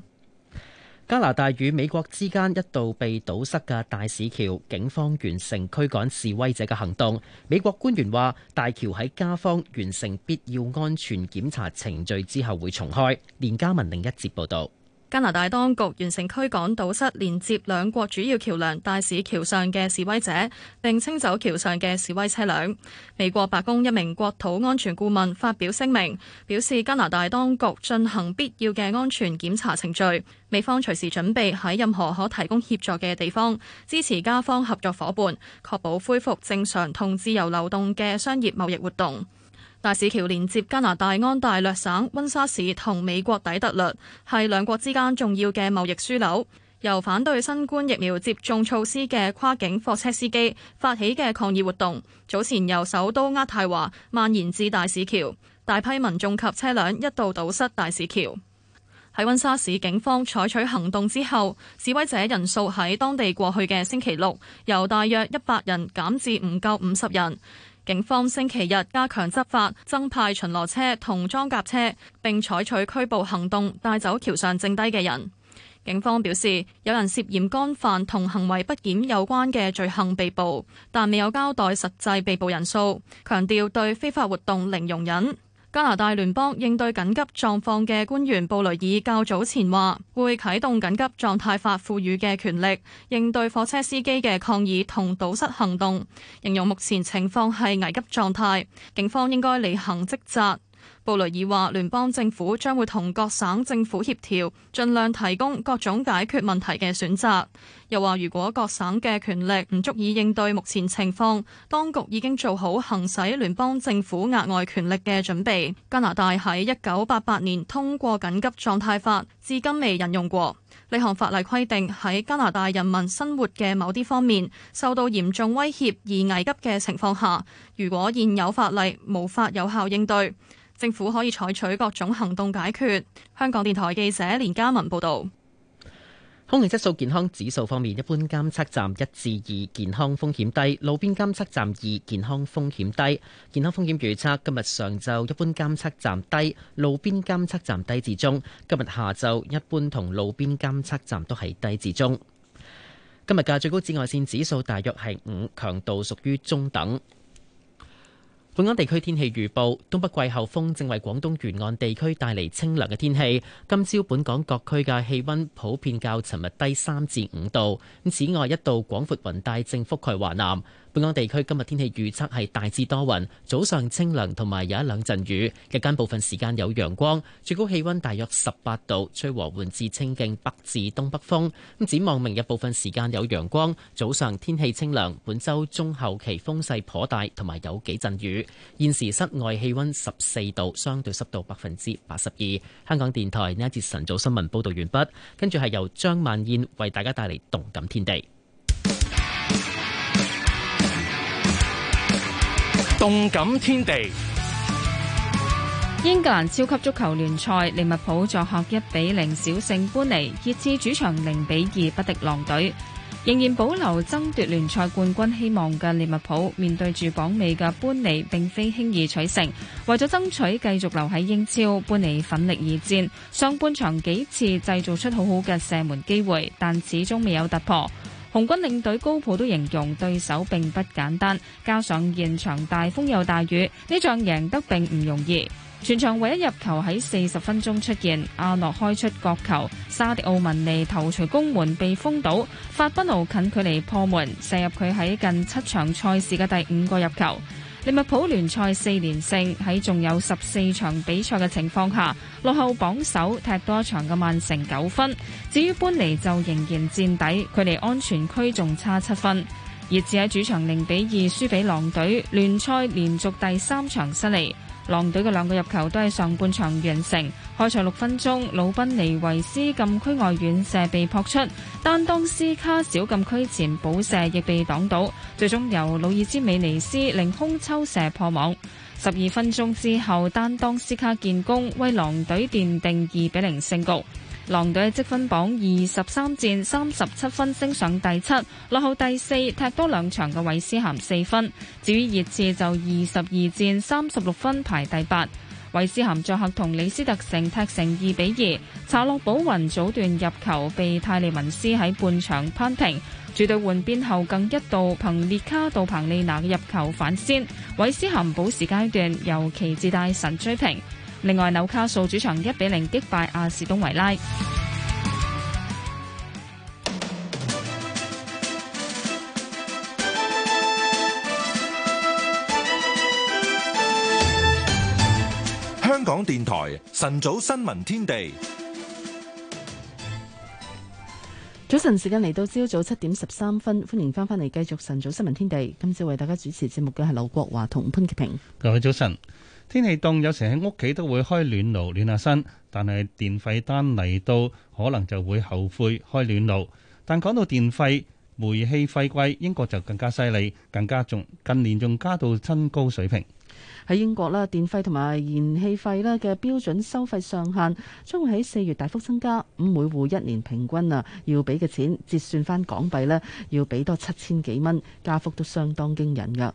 加拿大與美國之間一度被堵塞嘅大使橋，警方完成驅趕示威者嘅行動。美國官員話，大橋喺加方完成必要安全檢查程序之後會重開。連家文另一節報道。加拿大當局完成驅趕堵塞連接兩國主要橋梁大使橋上嘅示威者，並清走橋上嘅示威車輛。美國白宮一名國土安全顧問發表聲明，表示加拿大當局進行必要嘅安全檢查程序，美方隨時準備喺任何可提供協助嘅地方，支持加方合作伙伴，確保恢復正常同自由流動嘅商業貿易活動。大使橋連接加拿大安大略省溫莎市同美國底特律，係兩國之間重要嘅貿易樞紐。由反對新冠疫苗接種措施嘅跨境貨車司機發起嘅抗議活動，早前由首都渥太華蔓延至大使橋，大批民眾及車輛一度堵塞大使橋。喺溫莎市警方採取行動之後，示威者人數喺當地過去嘅星期六由大約一百人減至唔夠五十人。警方星期日加強執法，增派巡邏車同裝甲車，並採取拘捕行動，帶走橋上剩低嘅人。警方表示，有人涉嫌干犯同行為不檢有關嘅罪行被捕，但未有交代實際被捕人數，強調對非法活動零容忍。加拿大聯邦應對緊急狀況嘅官員布雷爾較早前話，會啟動緊急狀態法賦予嘅權力，應對火車司機嘅抗議同堵塞行動，形容目前情況係危急狀態，警方應該履行職責。布雷爾話：聯邦政府將會同各省政府協調，盡量提供各種解決問題嘅選擇。又話，如果各省嘅權力唔足以應對目前情況，當局已經做好行使聯邦政府額外權力嘅準備。加拿大喺一九八八年通過緊急狀態法，至今未引用過。呢項法例規定喺加拿大人民生活嘅某啲方面受到嚴重威脅而危急嘅情況下，如果現有法例無法有效應對。政府可以採取各種行動解決。香港電台記者連嘉文報道。空氣質素健康指數方面，一般監測站一至二健康風險低，路邊監測站二健康風險低。健康風險預測今日上晝一般監測站低，路邊監測站低至中。今日下晝一般同路邊監測站都係低至中。今日嘅最高紫外綫指數大約係五，強度屬於中等。本港地區天氣預報，東北季候風正為廣東沿岸地區帶嚟清涼嘅天氣。今朝本港各區嘅氣温普遍較尋日低三至五度。咁此外，一度廣闊雲帶正覆蓋華南。本港地區今日天氣預測係大致多雲，早上清涼，同埋有一兩陣雨，日間部分時間有陽光，最高氣温大約十八度，吹和緩至清勁北至東北風，咁展望明日部分時間有陽光，早上天氣清涼，本周中後期風勢頗大，同埋有幾陣雨。現時室外氣温十四度，相對濕度百分之八十二。香港電台呢一節晨早新聞報道完畢，跟住係由張曼燕為大家帶嚟動感天地。動感天地。英格蘭超級足球聯賽，利物浦作客一比零小勝班尼，熱刺主場零比二不敵狼隊，仍然保留爭奪聯賽冠軍希望嘅利物浦面對住榜尾嘅班尼，並非輕易取勝。為咗爭取繼續留喺英超，班尼奮力而戰，上半場幾次製造出好好嘅射門機會，但始終未有突破。紅軍領隊高普都形容對手並不簡單，加上現場大風又大雨，呢仗贏得並唔容易。全場唯一入球喺四十分鐘出現，阿諾開出角球，沙迪奧文尼頭槌攻門被封堵，法賓奴近距離破門，射入佢喺近七場賽事嘅第五個入球。利物浦聯賽四連勝，喺仲有十四場比賽嘅情況下落後榜首踢多場嘅曼城九分，至於搬尼就仍然墊底，距離安全區仲差七分，而至喺主場零比二輸俾狼隊，聯賽連續第三場失利。狼隊嘅兩個入球都係上半場完成，開場六分鐘，魯賓尼維斯禁區外遠射被撲出，丹當斯卡小禁區前補射亦被擋到，最終由魯爾茲美尼斯凌空抽射破網。十二分鐘之後，丹當斯卡建功，為狼隊奠定二比零勝局。狼隊喺積分榜二十三戰三十七分，升上第七，落後第四。踢多兩場嘅韋斯咸四分。至於熱刺就二十二戰三十六分排第八。韋斯咸作客同李斯特城踢成二比二。查洛保雲早段入球被泰利文斯喺半場扳平。主隊換邊後更一度憑列卡道彭利拿嘅入球反先。韋斯咸補時階段尤其自帶神追平。另外，紐卡素主場一比零擊敗阿士東維拉。香港電台晨早新聞天地，早晨時間嚟到，朝早七點十三分，歡迎翻返嚟，繼續晨早新聞天地。今朝為大家主持節目嘅係劉國華同潘潔平。各位早晨。天氣凍，有時喺屋企都會開暖爐暖下身，但係電費單嚟到，可能就會後悔開暖爐。但講到電費、煤氣費貴，英國就更加犀利，更加重，近年仲加到新高水平。喺英國啦，電費同埋燃氣費呢嘅標準收費上限將會喺四月大幅增加，咁每戶一年平均啊要俾嘅錢，折算返港幣呢要俾多七千幾蚊，加幅都相當驚人噶。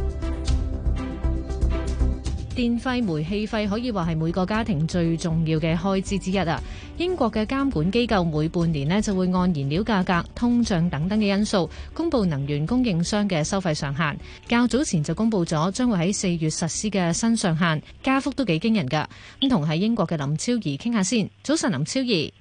電費、煤氣費可以話係每個家庭最重要嘅開支之一啊！英國嘅監管機構每半年咧就會按燃料價格、通脹等等嘅因素，公布能源供應商嘅收費上限。較早前就公布咗將會喺四月實施嘅新上限，加幅都幾驚人㗎。咁同喺英國嘅林超儀傾下先。早晨，林超儀。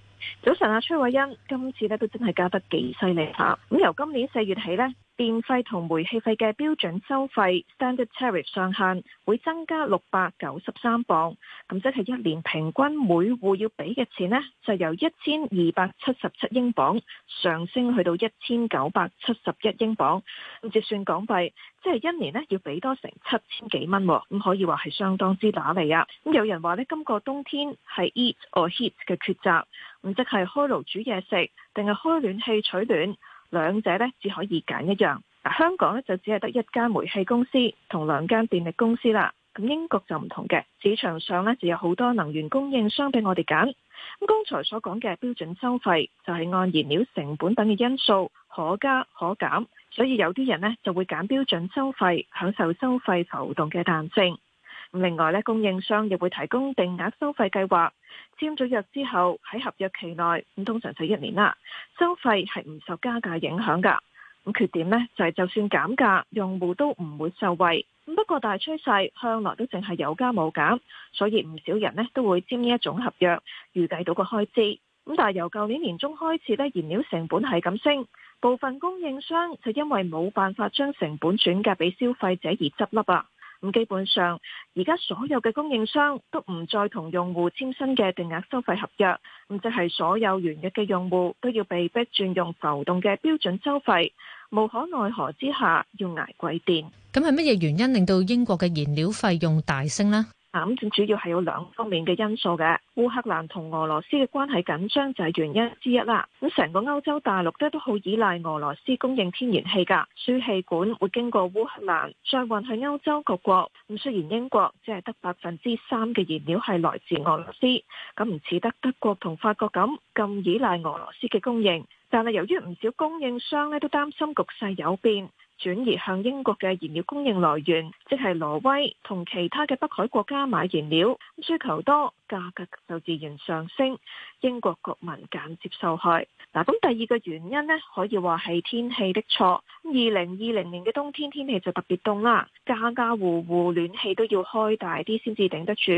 早晨啊，崔偉欣。今次咧都真係加得幾犀利吓。咁由今年四月起呢。電費同煤氣費嘅標準收費 （standard t a r i f f 上限會增加六百九十三磅，咁即係一年平均每戶要俾嘅錢呢，就由一千二百七十七英鎊上升去到一千九百七十一英鎊。咁折算港幣，即、就、係、是、一年呢要俾多成七千幾蚊，咁可以話係相當之打理啊！咁有人話呢，今個冬天係 eat or heat 嘅抉擇，咁即係開爐煮嘢食，定係開暖氣取暖？兩者咧只可以揀一樣。嗱，香港咧就只係得一間煤氣公司同兩間電力公司啦。咁英國就唔同嘅，市場上咧就有好多能源供應商俾我哋揀。咁剛才所講嘅標準收費就係按燃料成本等嘅因素可加可減，所以有啲人咧就會揀標準收費，享受收費浮動嘅彈性。另外咧，供應商亦會提供定額收費計劃，簽咗約之後喺合約期內，咁通常就一年啦。收費係唔受加價影響噶。咁、嗯、缺點呢，就係、係、就算減價，用戶都唔會受惠。不過大趨勢向來都淨係有加冇減，所以唔少人呢都會簽呢一種合約，預計到個開支。咁但係由舊年年中開始呢，燃料成本係咁升，部分供應商就因為冇辦法將成本轉嫁俾消費者而執笠啊。咁基本上，而家所有嘅供應商都唔再同用戶簽新嘅定額收費合約，咁即係所有原約嘅用戶都要被逼轉用浮動嘅標準收費，無可奈何之下要挨貴電。咁係乜嘢原因令到英國嘅燃料費用大升咧？嗱，咁主要係有兩方面嘅因素嘅，烏克蘭同俄羅斯嘅關係緊張就係原因之一啦。咁成個歐洲大陸咧都好依賴俄羅斯供應天然氣噶，輸氣管會經過烏克蘭再運去歐洲各國。咁雖然英國只係得百分之三嘅燃料係來自俄羅斯，咁唔似得德國同法國咁咁依賴俄羅斯嘅供應。但係由於唔少供應商咧都擔心局勢有變，轉移向英國嘅燃料供應來源，即係挪威同其他嘅北海國家買燃料，需求多，價格就自然上升。英國國民間接受害。嗱，咁第二個原因呢，可以話係天氣的錯。二零二零年嘅冬天天氣就特別凍啦，家家戶戶暖氣都要開大啲先至頂得住，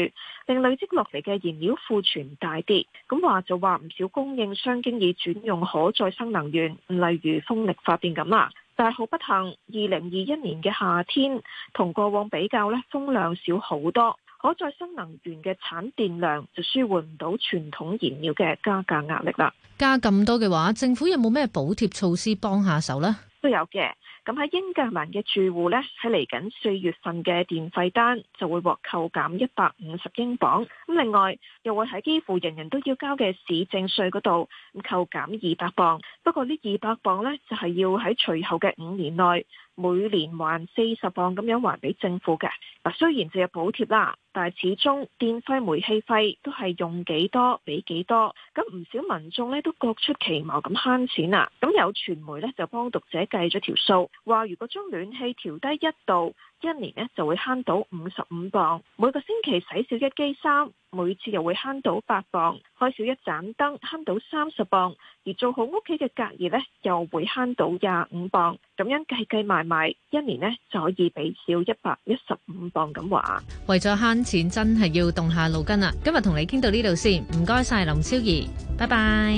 令累積落嚟嘅燃料庫存大跌。咁話就話唔少供應商經已轉用可再生能源，例如風力發電咁啦。但好不幸，二零二一年嘅夏天同過往比較呢，風量少好多，可再生能源嘅產電量就舒緩唔到傳統燃料嘅加價壓力啦。加咁多嘅話，政府有冇咩補貼措施幫下手呢？都有嘅，咁喺英格蘭嘅住戶呢，喺嚟緊四月份嘅電費單就會獲扣減一百五十英鎊，咁另外又會喺幾乎人人都要交嘅市政稅嗰度扣減二百磅，不過呢二百磅呢，就係要喺隨後嘅五年內。每年還四十磅咁樣還俾政府嘅，嗱雖然就有補貼啦，但係始終電費、煤氣費都係用幾多俾幾多，咁唔少民眾呢都各出奇謀咁慳錢啊！咁有傳媒呢就幫讀者計咗條數，話如果將暖氣調低一度，一年呢就會慳到五十五磅，每個星期洗少一機衫。每次又會慳到八磅，開少一盞燈慳到三十磅，而做好屋企嘅隔熱呢，又會慳到廿五磅。咁樣計計埋埋，一年呢就可以俾少一百一十五磅咁話。為咗慳錢，真係要動下腦筋啦。今日同你傾到呢度先，唔該晒林超儀，拜拜，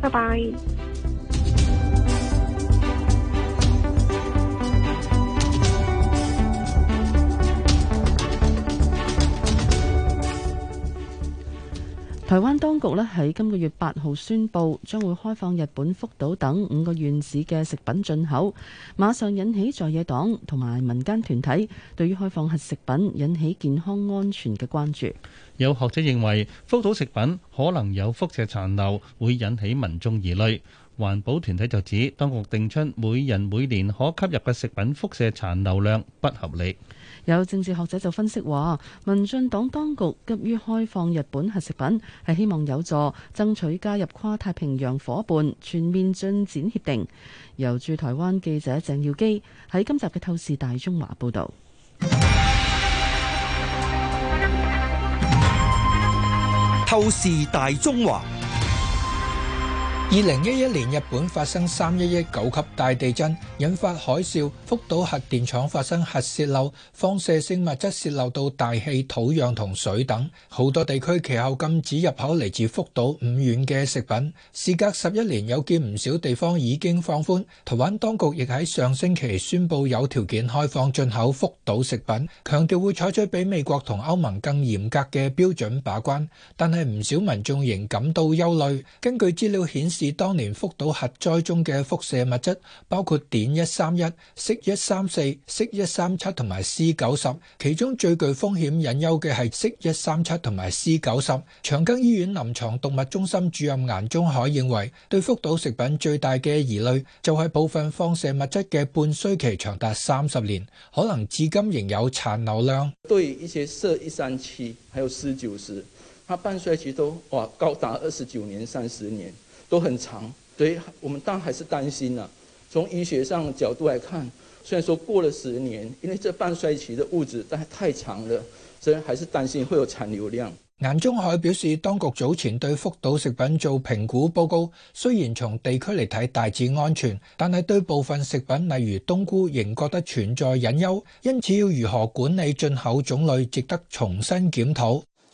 拜拜。台灣當局呢喺今個月八號宣布，將會開放日本福島等五個縣市嘅食品進口，馬上引起在野黨同埋民間團體對於開放核食品引起健康安全嘅關注。有學者認為福島食品可能有輻射殘留，會引起民眾疑慮。環保團體就指，當局定出每人每年可吸入嘅食品輻射殘留量不合理。有政治學者就分析話，民進黨當局急於開放日本核食品，係希望有助爭取加入跨太平洋伙伴全面進展協定。由駐台灣記者鄭耀基喺今集嘅《透視大中華》報導。《透視大中華》二零一一年，日本發生三一一九級大地震，引發海嘯，福島核電廠發生核洩漏，放射性物質洩漏到大氣、土壤同水等，好多地區其後禁止入口嚟，自福島五縣嘅食品。事隔十一年，有見唔少地方已經放寬，台灣當局亦喺上星期宣布有條件開放進口福島食品，強調會採取比美國同歐盟更嚴格嘅標準把關，但係唔少民眾仍感到憂慮。根據資料顯示，是當年福島核災中嘅輻射物質，包括碘一三一、銫一三四、銫一三七同埋 c 九十，其中最具風險隱憂嘅係銫一三七同埋 c 九十。長庚醫院臨床動物中心主任顏中海認為，對福島食品最大嘅疑慮就係部分放射物質嘅半衰期長達三十年，可能至今仍有殘留量。對一些銫一三七，還有 c 九十，它半衰期都話高達二十九年、三十年。都很長，所以我們當然還是擔心啦。從醫學上角度來看，雖然說過了十年，因為這半衰期的物質太長了，所以還是擔心會有殘留量。顏宗海表示，當局早前對福島食品做評估報告，雖然從地區嚟睇大致安全，但係對部分食品例如冬菇仍覺得存在隱憂，因此要如何管理進口種類，值得重新檢討。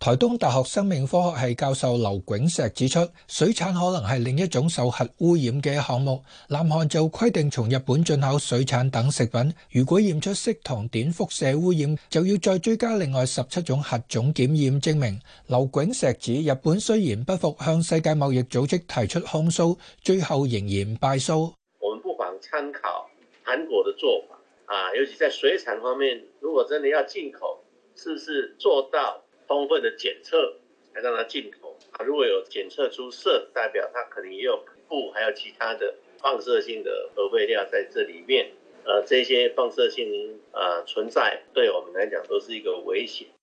台東大學生命科學系教授劉景石指出，水產可能係另一種受核污染嘅項目。南韓就規定，從日本進口水產等食品，如果驗出銫同碘輻射污染，就要再追加另外十七種核種檢驗證明。劉景石指，日本雖然不服向世界貿易組織提出控訴，最後仍然敗訴。我們不妨參考韓國的做法啊，尤其在水產方面，如果真的要進口，是不是做到？充分的檢測才讓它進口。啊，如果有檢測出色，代表它可能也有不，還有其他的放射性的核廢料，在這裏面。呃，這些放射性啊、呃、存在，對我們來講都是一個危險。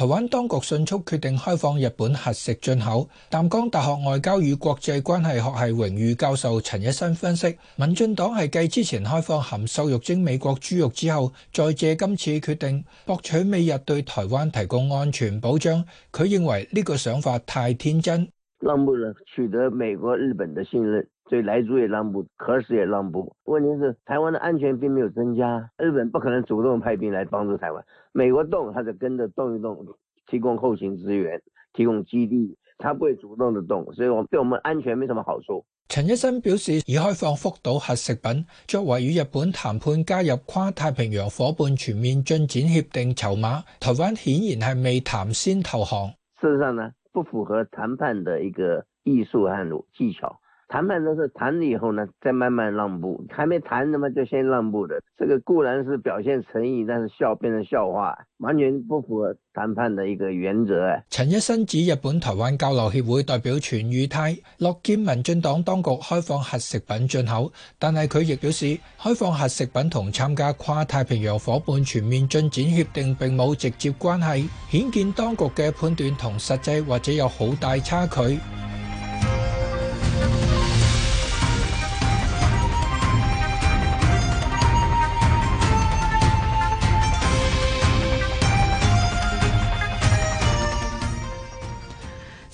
台灣當局迅速決定開放日本核食進口。淡江大學外交與國際關係學系榮譽教授陳一新分析，民進黨係繼之前開放含瘦肉精美國豬肉之後，再借今次決定博取美日對台灣提供安全保障。佢認為呢個想法太天真，那麼取得美國日本的信任。對萊豬也讓步，核食也讓步。問題是台灣的安全並沒有增加，日本不可能主動派兵來幫助台灣。美國動，他就跟著動一動，提供後勤資源，提供基地，他不會主動的動，所以我對我們安全沒什麼好處。陳一新表示，以開放福島核食品作為與日本談判加入跨太平洋伙伴全面進展協定籌碼，台灣顯然係未談先投降。事實上呢，不符合談判的一個藝術和技巧。談判都是談了以後呢，再慢慢讓步，還沒談，那麼就先讓步的，這個固然是表現誠意，但是笑變成笑話，完全不符合談判的一個原則。陳一新指，日本台灣交流協會代表泉裕泰樂見民進黨當局開放核食品進口，但係佢亦表示，開放核食品同參加跨太平洋伙伴全面進展協定並冇直接關係，顯見當局嘅判斷同實際或者有好大差距。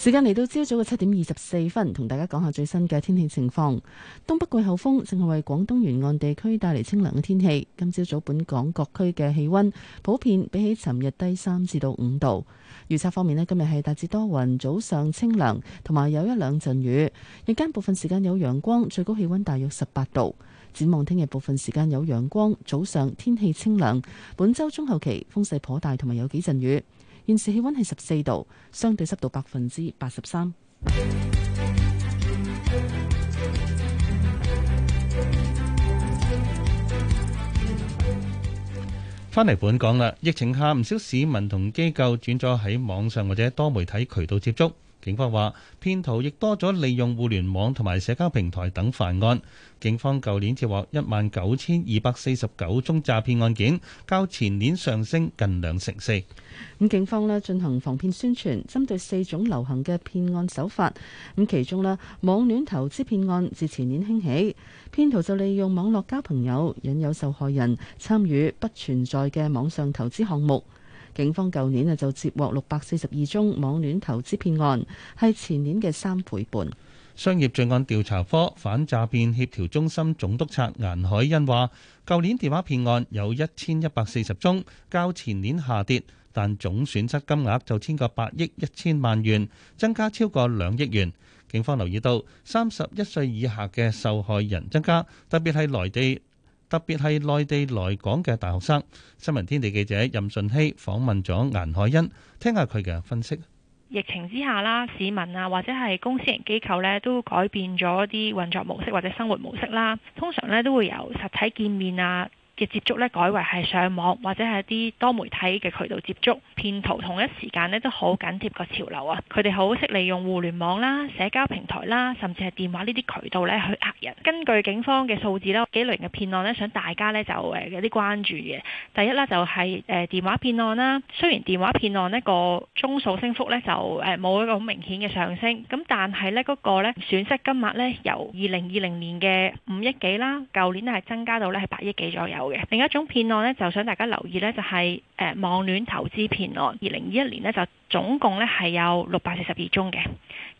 時間嚟到朝早嘅七點二十四分，同大家講下最新嘅天氣情況。東北季候風正係為廣東沿岸地區帶嚟清涼嘅天氣。今朝早本港各區嘅氣溫普遍比起尋日低三至到五度。預測方面呢，今日係大致多雲，早上清涼，同埋有，有一兩陣雨。日間部分時間有陽光，最高氣溫大約十八度。展望聽日部分時間有陽光，早上天氣清涼。本周中後期風勢頗大，同埋有幾陣雨。現時氣溫係十四度，相對濕度百分之八十三。翻嚟本港啦，疫情下，唔少市民同機構轉咗喺網上或者多媒體渠道接觸。警方話，騙徒亦多咗利用互聯網同埋社交平台等犯案。警方舊年接獲一萬九千二百四十九宗詐騙案件，較前年上升近兩成四。咁警方呢，進行防騙宣傳，針對四種流行嘅騙案手法。咁其中呢，網戀投資騙案自前年興起，騙徒就利用網絡交朋友，引誘受害人參與不存在嘅網上投資項目。警方舊年啊就接獲六百四十二宗網戀投資騙案，係前年嘅三倍半。商業罪案調查科反詐騙協調中心總督察顏海恩話，舊年電話騙案有一千一百四十宗，較前年下跌，但總損失金額就超過八億一千萬元，增加超過兩億元。警方留意到三十一歲以下嘅受害人增加，特別係內地特別係內地來港嘅大學生，新聞天地記者任順希訪問咗顏海欣，聽下佢嘅分析。疫情之下啦，市民啊，或者係公私營機構咧，都改變咗啲運作模式或者生活模式啦。通常咧都會由實體見面啊。嘅接觸咧，改為係上網或者係啲多媒體嘅渠道接觸騙徒。同一時間呢，都好緊貼個潮流啊！佢哋好識利用互聯網啦、社交平台啦，甚至係電話呢啲渠道咧去呃人。根據警方嘅數字咧，幾類嘅騙案咧，想大家咧就誒有啲關注嘅。第一啦，就係誒電話騙案啦。雖然電話騙案呢個宗數升幅咧就誒冇一個好明顯嘅上升，咁但係咧嗰個咧損失金額咧由二零二零年嘅五億幾啦，舊年咧係增加到咧係八億幾左右。另一種騙案呢，就想大家留意呢，就係、是、誒、呃、網戀投資騙案。二零二一年呢，就總共咧係有六百四十二宗嘅。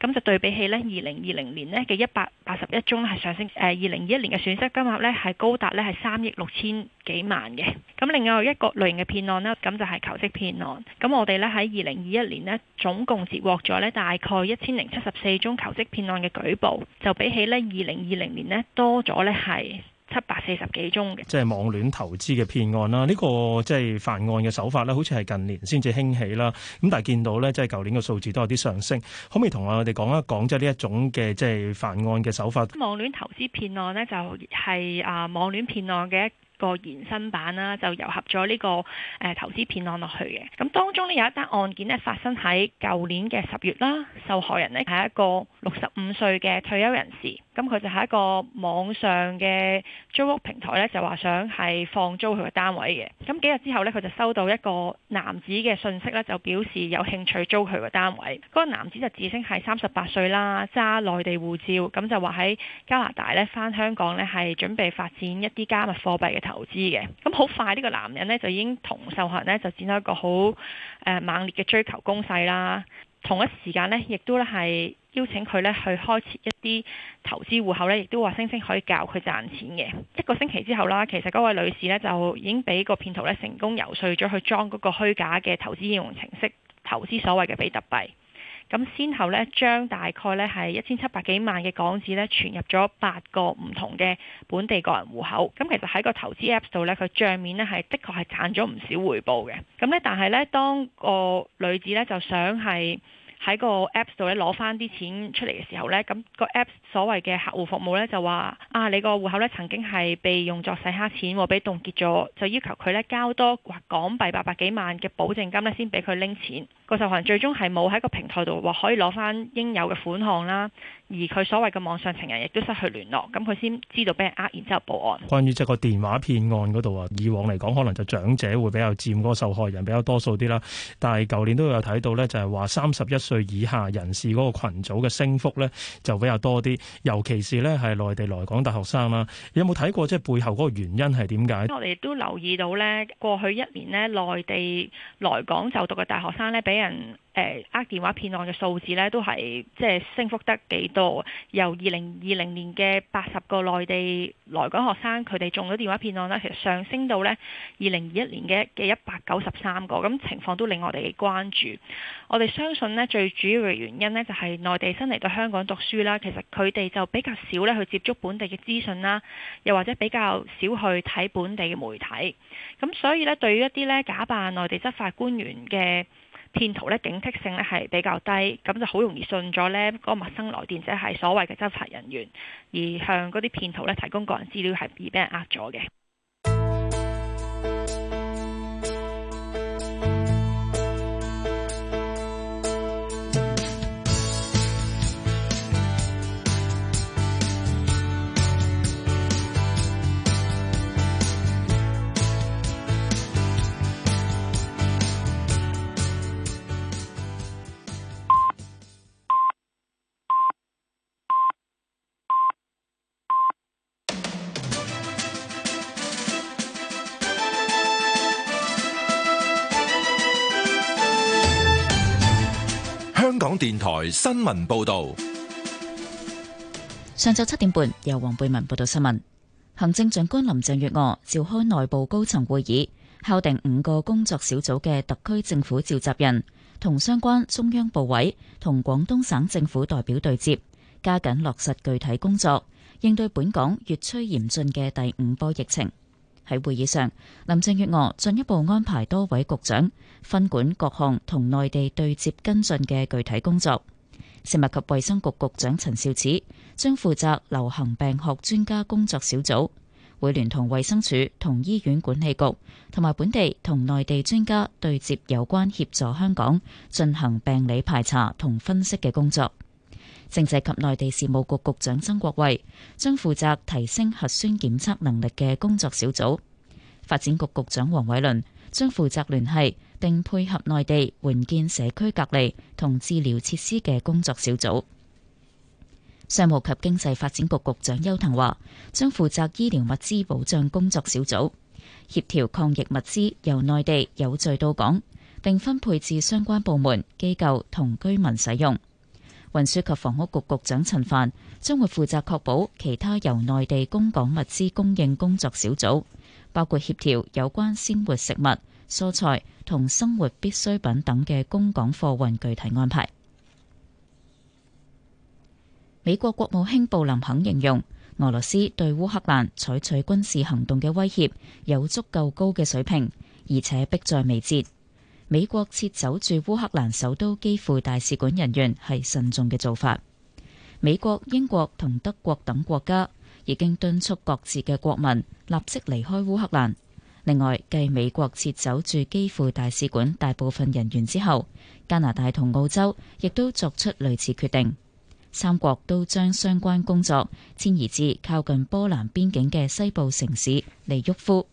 咁就對比起呢，二零二零年呢嘅一百八十一宗咧，係上升。誒、呃，二零二一年嘅損失金額呢，係高達呢係三億六千幾萬嘅。咁另外一個類型嘅騙案呢，咁就係、是、求職騙案。咁我哋呢，喺二零二一年呢，總共截獲咗呢大概一千零七十四宗求職騙案嘅舉報，就比起呢，二零二零年呢，多咗呢係。七百四十幾宗嘅，即係網戀投資嘅騙案啦。呢、這個即係、就是、犯案嘅手法咧，好似係近年先至興起啦。咁但係見到咧，即係舊年嘅數字都有啲上升。可唔可以同我哋講一講即係呢一種嘅即係犯案嘅手法？網戀投資騙案咧，就係、是、啊網戀騙案嘅一個延伸版啦，就糅合咗呢、這個誒、呃、投資騙案落去嘅。咁當中呢，有一單案件呢，發生喺舊年嘅十月啦，受害人呢，係一個六十五歲嘅退休人士。咁佢就係一個網上嘅租屋平台呢，就話想係放租佢嘅單位嘅。咁幾日之後呢，佢就收到一個男子嘅訊息呢，就表示有興趣租佢嘅單位。嗰、那個男子就自稱係三十八歲啦，揸內地護照，咁就話喺加拿大呢，返香港呢，係準備發展一啲加密貨幣嘅。投資嘅。咁，好快，呢個男人呢，就已經同受害人呢，就展開一個好猛烈嘅追求攻勢啦。同一時間呢，亦都咧係邀請佢呢去開設一啲投資戶口呢，亦都話聲聲可以教佢賺錢嘅。一個星期之後啦，其實嗰位女士呢，就已經俾個騙徒呢成功遊說咗去裝嗰個虛假嘅投資應用程式，投資所謂嘅比特幣。咁先後咧，將大概咧係一千七百幾萬嘅港紙咧，存入咗八個唔同嘅本地個人戶口。咁其實喺個投資 App 度咧，佢帳面咧係的確係賺咗唔少回報嘅。咁咧，但係咧，當個女子咧就想係。喺個 apps 度咧攞翻啲錢出嚟嘅時候呢，咁個 apps 所謂嘅客戶服務呢，就話啊，你個戶口咧曾經係被用作洗黑錢，俾凍結咗，就要求佢咧交多港幣八百幾萬嘅保證金咧先俾佢拎錢。個受害人最終係冇喺個平台度話可以攞翻應有嘅款項啦。而佢所謂嘅網上情人亦都失去聯絡，咁佢先知道俾人呃，然之後報案。關於即係個電話騙案嗰度啊，以往嚟講可能就長者會比較佔嗰個受害人比較多數啲啦，但係舊年都有睇到呢，就係話三十一歲以下人士嗰個羣組嘅升幅呢，就比較多啲，尤其是呢係內地來港大學生啦。有冇睇過即係背後嗰個原因係點解？我哋都留意到呢，過去一年呢，內地來港就讀嘅大學生呢，俾人。呃、電話騙案嘅數字呢都係即係升幅得幾多？由二零二零年嘅八十個內地來港學生，佢哋中咗電話騙案呢，其實上升到呢二零二一年嘅嘅一百九十三個。咁情況都令我哋幾關注。我哋相信呢，最主要嘅原因呢就係內地新嚟到香港讀書啦，其實佢哋就比較少呢去接觸本地嘅資訊啦，又或者比較少去睇本地嘅媒體。咁所以呢，對於一啲呢假扮內地執法官員嘅。騙徒咧，警惕性咧，係比較低，咁就好容易信咗咧，嗰個陌生來電者係所謂嘅執法人員，而向嗰啲騙徒咧，提供個人資料係易俾人呃咗嘅。電台新聞報道：上晝七點半，由黃貝文報道新聞。行政長官林鄭月娥召開內部高層會議，敲定五個工作小組嘅特區政府召集人，同相關中央部委，同廣東省政府代表對接，加緊落實具體工作，應對本港越趨嚴峻嘅第五波疫情。喺會議上，林鄭月娥進一步安排多位局長分管各項同內地對接跟進嘅具體工作。食物及衛生局局長陳肇始將負責流行病學專家工作小組，會聯同衛生署、同醫院管理局同埋本地同內地專家對接有關協助香港進行病理排查同分析嘅工作。政制及內地事務局局長曾國衛將負責提升核酸檢測能力嘅工作小組，發展局局長黃偉綸將負責聯繫並配合內地援建社區隔離同治療設施嘅工作小組。商務及經濟發展局局長邱騰華將負責醫療物資保障工作小組，協調抗疫物資由內地有序到港，並分配至相關部門、機構同居民使用。運輸及房屋局局長陳帆將會負責確保其他由內地供港物資供應工作小組，包括協調有關鮮活食物、蔬菜同生活必需品等嘅供港貨運具體安排。美國國務卿布林肯形容，俄羅斯對烏克蘭採取軍事行動嘅威脅有足夠高嘅水平，而且迫在眉睫。美國撤走駐烏克蘭首都基輔大使館人員係慎重嘅做法。美國、英國同德國等國家已經敦促各自嘅國民立即離開烏克蘭。另外，繼美國撤走駐基輔大使館大部分人員之後，加拿大同澳洲亦都作出類似決定。三國都將相關工作遷移至靠近波蘭邊境嘅西部城市利沃夫。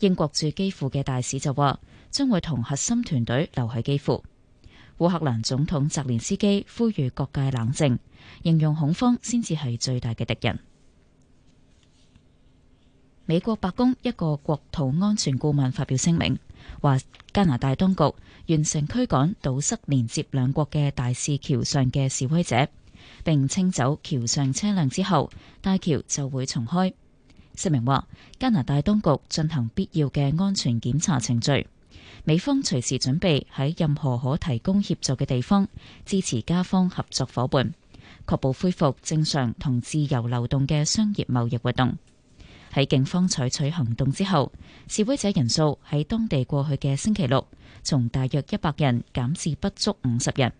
英國駐基輔嘅大使就話，將會同核心團隊留喺基輔。烏克蘭總統澤連斯基呼籲各界冷靜，形容恐慌先至係最大嘅敵人。美國白宮一個國土安全顧問發表聲明，話加拿大當局完成驅趕堵塞連接兩國嘅大使橋上嘅示威者，並清走橋上車輛之後，大橋就會重開。聲明話加拿大當局進行必要嘅安全檢查程序。美方隨時準備喺任何可提供協助嘅地方支持加方合作伙伴，確保恢復正常同自由流動嘅商業貿易活動。喺警方採取行動之後，示威者人數喺當地過去嘅星期六從大約一百人減至不足五十人。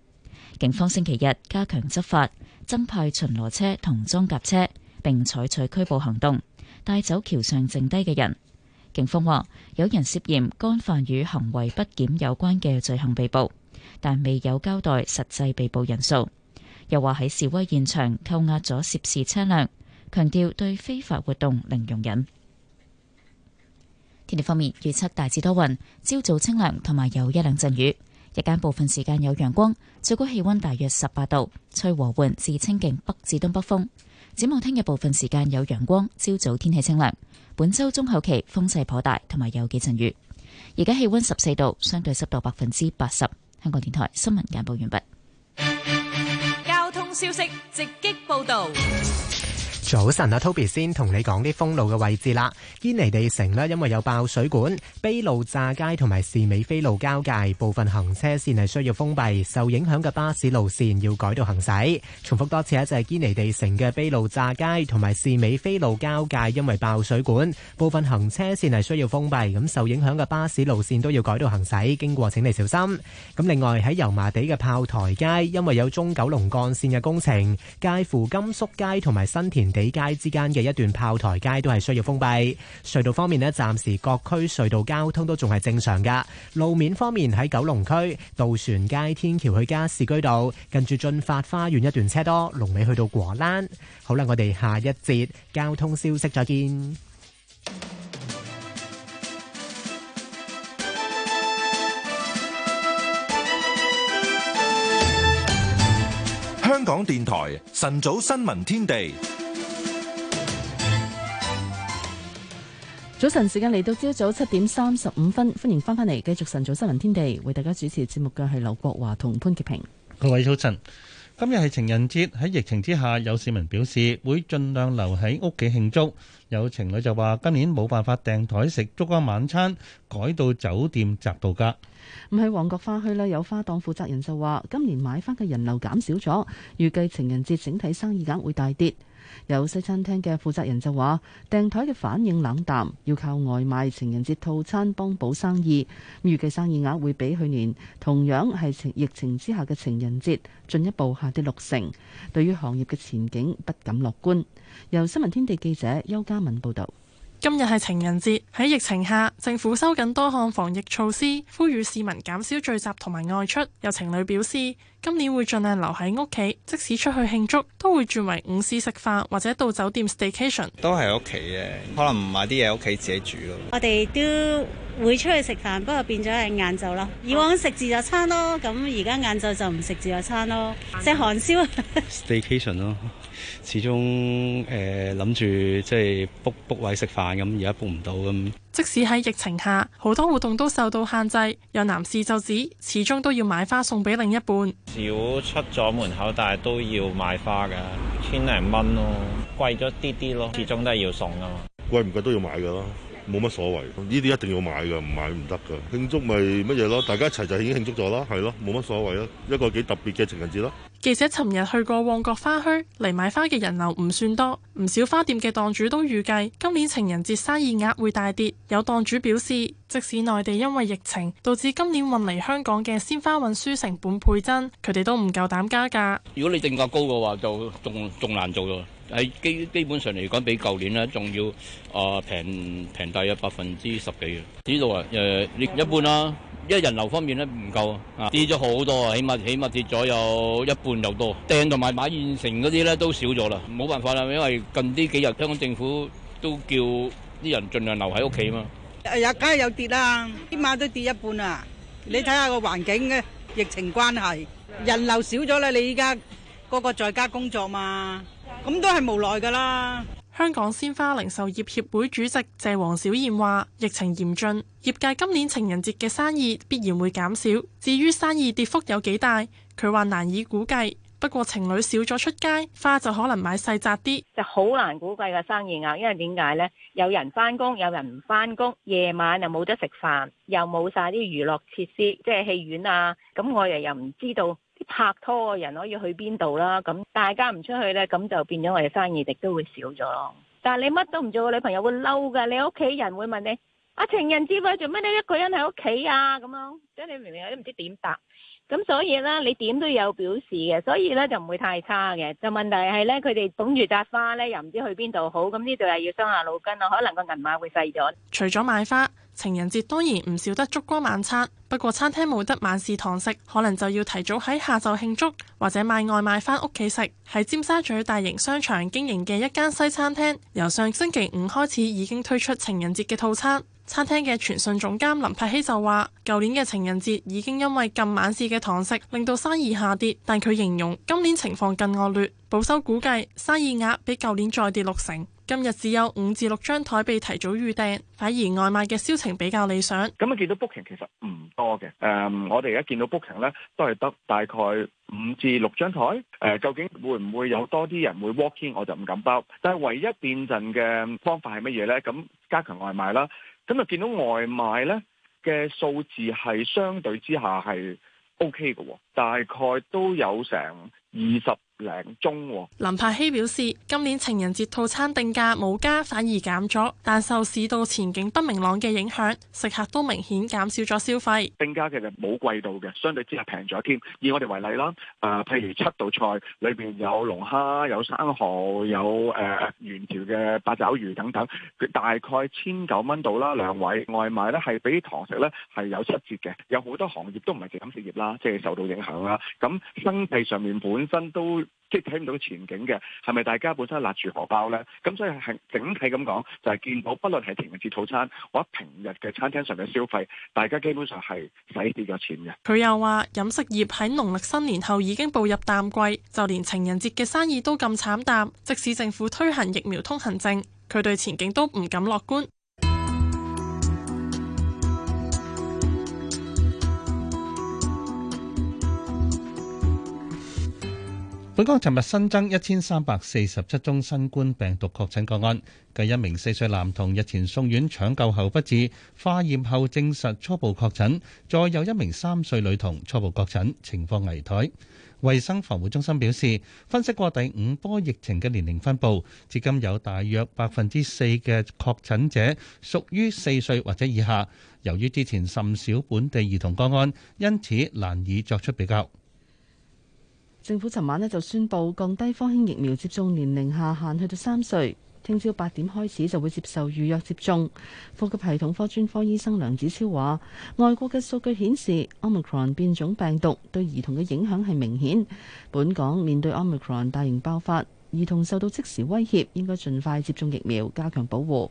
警方星期日加強執法，增派巡邏車同裝甲車，並採取拘捕行動，帶走橋上剩低嘅人。警方話有人涉嫌干犯與行為不檢有關嘅罪行被捕，但未有交代實際被捕人數。又話喺示威現場扣押咗涉事車輛，強調對非法活動零容忍。天氣方面，預測大致多雲，朝早清涼同埋有一兩陣雨，日間部分時間有陽光，最高氣溫大約十八度，吹和緩至清勁北至東北風。展望聽日部分時間有陽光，朝早天氣清涼。本周中後期風勢頗大，同埋有幾陣雨。而家氣溫十四度，相對濕度百分之八十。香港電台新聞簡報完畢。交通消息直擊報道。早晨啊，Toby 先同你講啲封路嘅位置啦。堅尼地城咧，因為有爆水管，卑路乍街同埋士美菲路交界部分行車線係需要封閉，受影響嘅巴士路線要改道行駛。重複多次啊，就係堅尼地城嘅卑路乍街同埋士美菲路交界，因為爆水管，部分行車線係需要封閉，咁受影響嘅巴士路線都要改道行駛，經過請你小心。咁另外喺油麻地嘅炮台街，因為有中九龍幹線嘅工程，介乎甘肅街同埋新田地。尾街之間嘅一段炮台街都係需要封閉。隧道方面呢，暫時各區隧道交通都仲係正常噶路面方面，喺九龍區渡船街天橋去加士居道近住駿發花園一段車多，龍尾去到果欄。好啦，我哋下一節交通消息再見。香港電台晨早新聞天地。早晨時間嚟到朝早七點三十五分，歡迎翻返嚟繼續晨早新聞天地，為大家主持節目嘅係劉國華同潘潔平。各位早晨，今日係情人節，喺疫情之下，有市民表示會盡量留喺屋企慶祝。有情侶就話今年冇辦法訂台食燭光晚餐，改到酒店摘度假。咁喺旺角花墟咧，有花檔負責人就話，今年買花嘅人流減少咗，預計情人節整體生意額會大跌。有西餐廳嘅負責人就話：訂枱嘅反應冷淡，要靠外賣情人節套餐幫補生意。預計生意額會比去年同樣係疫情之下嘅情人節進一步下跌六成，對於行業嘅前景不敢樂觀。由新聞天地記者邱家敏報導。今日係情人節，喺疫情下，政府收緊多項防疫措施，呼籲市民減少聚集同埋外出。有情侶表示，今年會盡量留喺屋企，即使出去慶祝，都會轉為午市食飯或者到酒店 staycation。都係屋企嘅，可能唔買啲嘢屋企自己煮咯。我哋都會出去食飯，不過變咗係晏晝啦。以往食自助餐咯，咁而家晏晝就唔食自助餐咯，即係韓燒。Staycation 咯。Stay 始終誒諗住即係卜卜位食飯咁，而家卜唔到咁。即,計計即使喺疫情下，好多活動都受到限制。有男士就指，始終都要買花送俾另一半。少出咗門口，但係都要買花噶，千零蚊咯，貴咗啲啲咯，始終都係要送噶嘛。貴唔貴都要買噶咯，冇乜所謂。呢啲一定要買噶，唔買唔得噶。慶祝咪乜嘢咯，大家一齊就已經慶祝咗啦，係咯，冇乜所謂咯，一個幾特別嘅情人節咯。記者尋日去過旺角花墟，嚟買花嘅人流唔算多，唔少花店嘅檔主都預計今年情人節生意額會大跌。有檔主表示，即使內地因為疫情導致今年運嚟香港嘅鮮花運輸成本倍增，佢哋都唔夠膽加價。如果你定價高嘅話，就仲仲難做咯。喺基基本上嚟講，比舊年咧仲要啊平平大約百分之十幾。呢度、呃、啊，誒，一一般啦。因為人流方面咧唔夠啊，跌咗好多啊，起碼起碼跌咗有一半又多，訂同埋買現成嗰啲咧都少咗啦，冇辦法啦，因為近呢幾日香港政府都叫啲人盡量留喺屋企嘛。誒呀，梗係有跌啦，起碼都跌一半啊！你睇下個環境嘅疫情關係，人流少咗啦。你依家個個在家工作嘛，咁都係無奈噶啦。香港鮮花零售業協會主席謝王小燕話，疫情嚴峻，業界今年情人節嘅生意必然會減少。至於生意跌幅有幾大，佢話難以估計。不過情侶少咗出街，花就可能買細紮啲。就好難估計嘅生意啊，因為點解呢？有人翻工，有人唔翻工，夜晚又冇得食飯，又冇晒啲娛樂設施，即係戲院啊。咁我哋又唔知道。拍拖嘅人可以去邊度啦？咁大家唔出去呢，咁就變咗我哋生意亦都會少咗咯。但係你乜都唔做，女朋友會嬲噶，你屋企人會問你：啊，情人節做乜？你一個人喺屋企啊？咁樣即係你明唔明啊？都唔知點答。咁所以咧，你點都有表示嘅，所以咧就唔會太差嘅。就問題係咧，佢哋捧住扎花咧，又唔知去邊度好。咁呢度係要傷下腦筋咯，可能個銀碼會細咗。除咗買花，情人節當然唔少得燭光晚餐。不過餐廳冇得晚市堂食，可能就要提早喺下晝慶祝，或者買外賣翻屋企食。喺尖沙咀大型商場經營嘅一間西餐廳，由上星期五開始已經推出情人節嘅套餐。餐廳嘅傳訊總監林柏希就話，舊年嘅情人節已經因為禁晚市嘅堂食，令到生意下跌。但佢形容今年情況更惡劣，保守估計生意額比舊年再跌六成。今日只有五至六張台被提早預訂，反而外賣嘅銷情比較理想。咁啊、嗯，見到 booking 其實唔多嘅。誒、嗯，我哋而家見到 booking 咧，都係得大概五至六張台。誒、呃，究竟會唔會有多啲人會 walk in？我就唔敢包。但係唯一變陣嘅方法係乜嘢咧？咁加強外賣啦。咁啊，見到外賣咧嘅數字係相對之下係 OK 嘅。大概都有成二十零宗。林柏希表示，今年情人節套餐定價冇加反而減咗，但受市道前景不明朗嘅影響，食客都明顯減少咗消費。定價其實冇貴到嘅，相對之下平咗添。以我哋為例啦，啊、呃，譬如七道菜裏邊有龍蝦、有生蚝、有誒原、呃、條嘅八爪魚等等，佢大概千九蚊度啦兩位外賣咧，係比堂食咧係有七折嘅。有好多行業都唔係食飲食業啦，即、就、係、是、受到影。行啦，咁生意上面本身都即係睇唔到前景嘅，係咪大家本身係揦住荷包咧？咁所以係整體咁講，就係見到不論係情人節套餐或者平日嘅餐廳上面消費，大家基本上係使少咗錢嘅。佢又話，飲食業喺農曆新年後已經步入淡季，就連情人節嘅生意都咁慘淡，即使政府推行疫苗通行證，佢對前景都唔敢樂觀。本港尋日新增一千三百四十七宗新冠病毒確診個案，繼一名四歲男童日前送院搶救後不治，化驗後證實初步確診；再有一名三歲女童初步確診，情況危殆。衛生防護中心表示，分析過第五波疫情嘅年齡分佈，至今有大約百分之四嘅確診者屬於四歲或者以下。由於之前甚少本地兒童個案，因此難以作出比較。政府尋晚咧就宣布降低科興疫苗接種年齡下限去到三歲，聽朝八點開始就會接受預約接種。呼吸系統科專科醫生梁子超話，外國嘅數據顯示，Omicron 變種病毒對兒童嘅影響係明顯。本港面對 Omicron 大型爆發，兒童受到即時威脅，應該盡快接種疫苗，加強保護。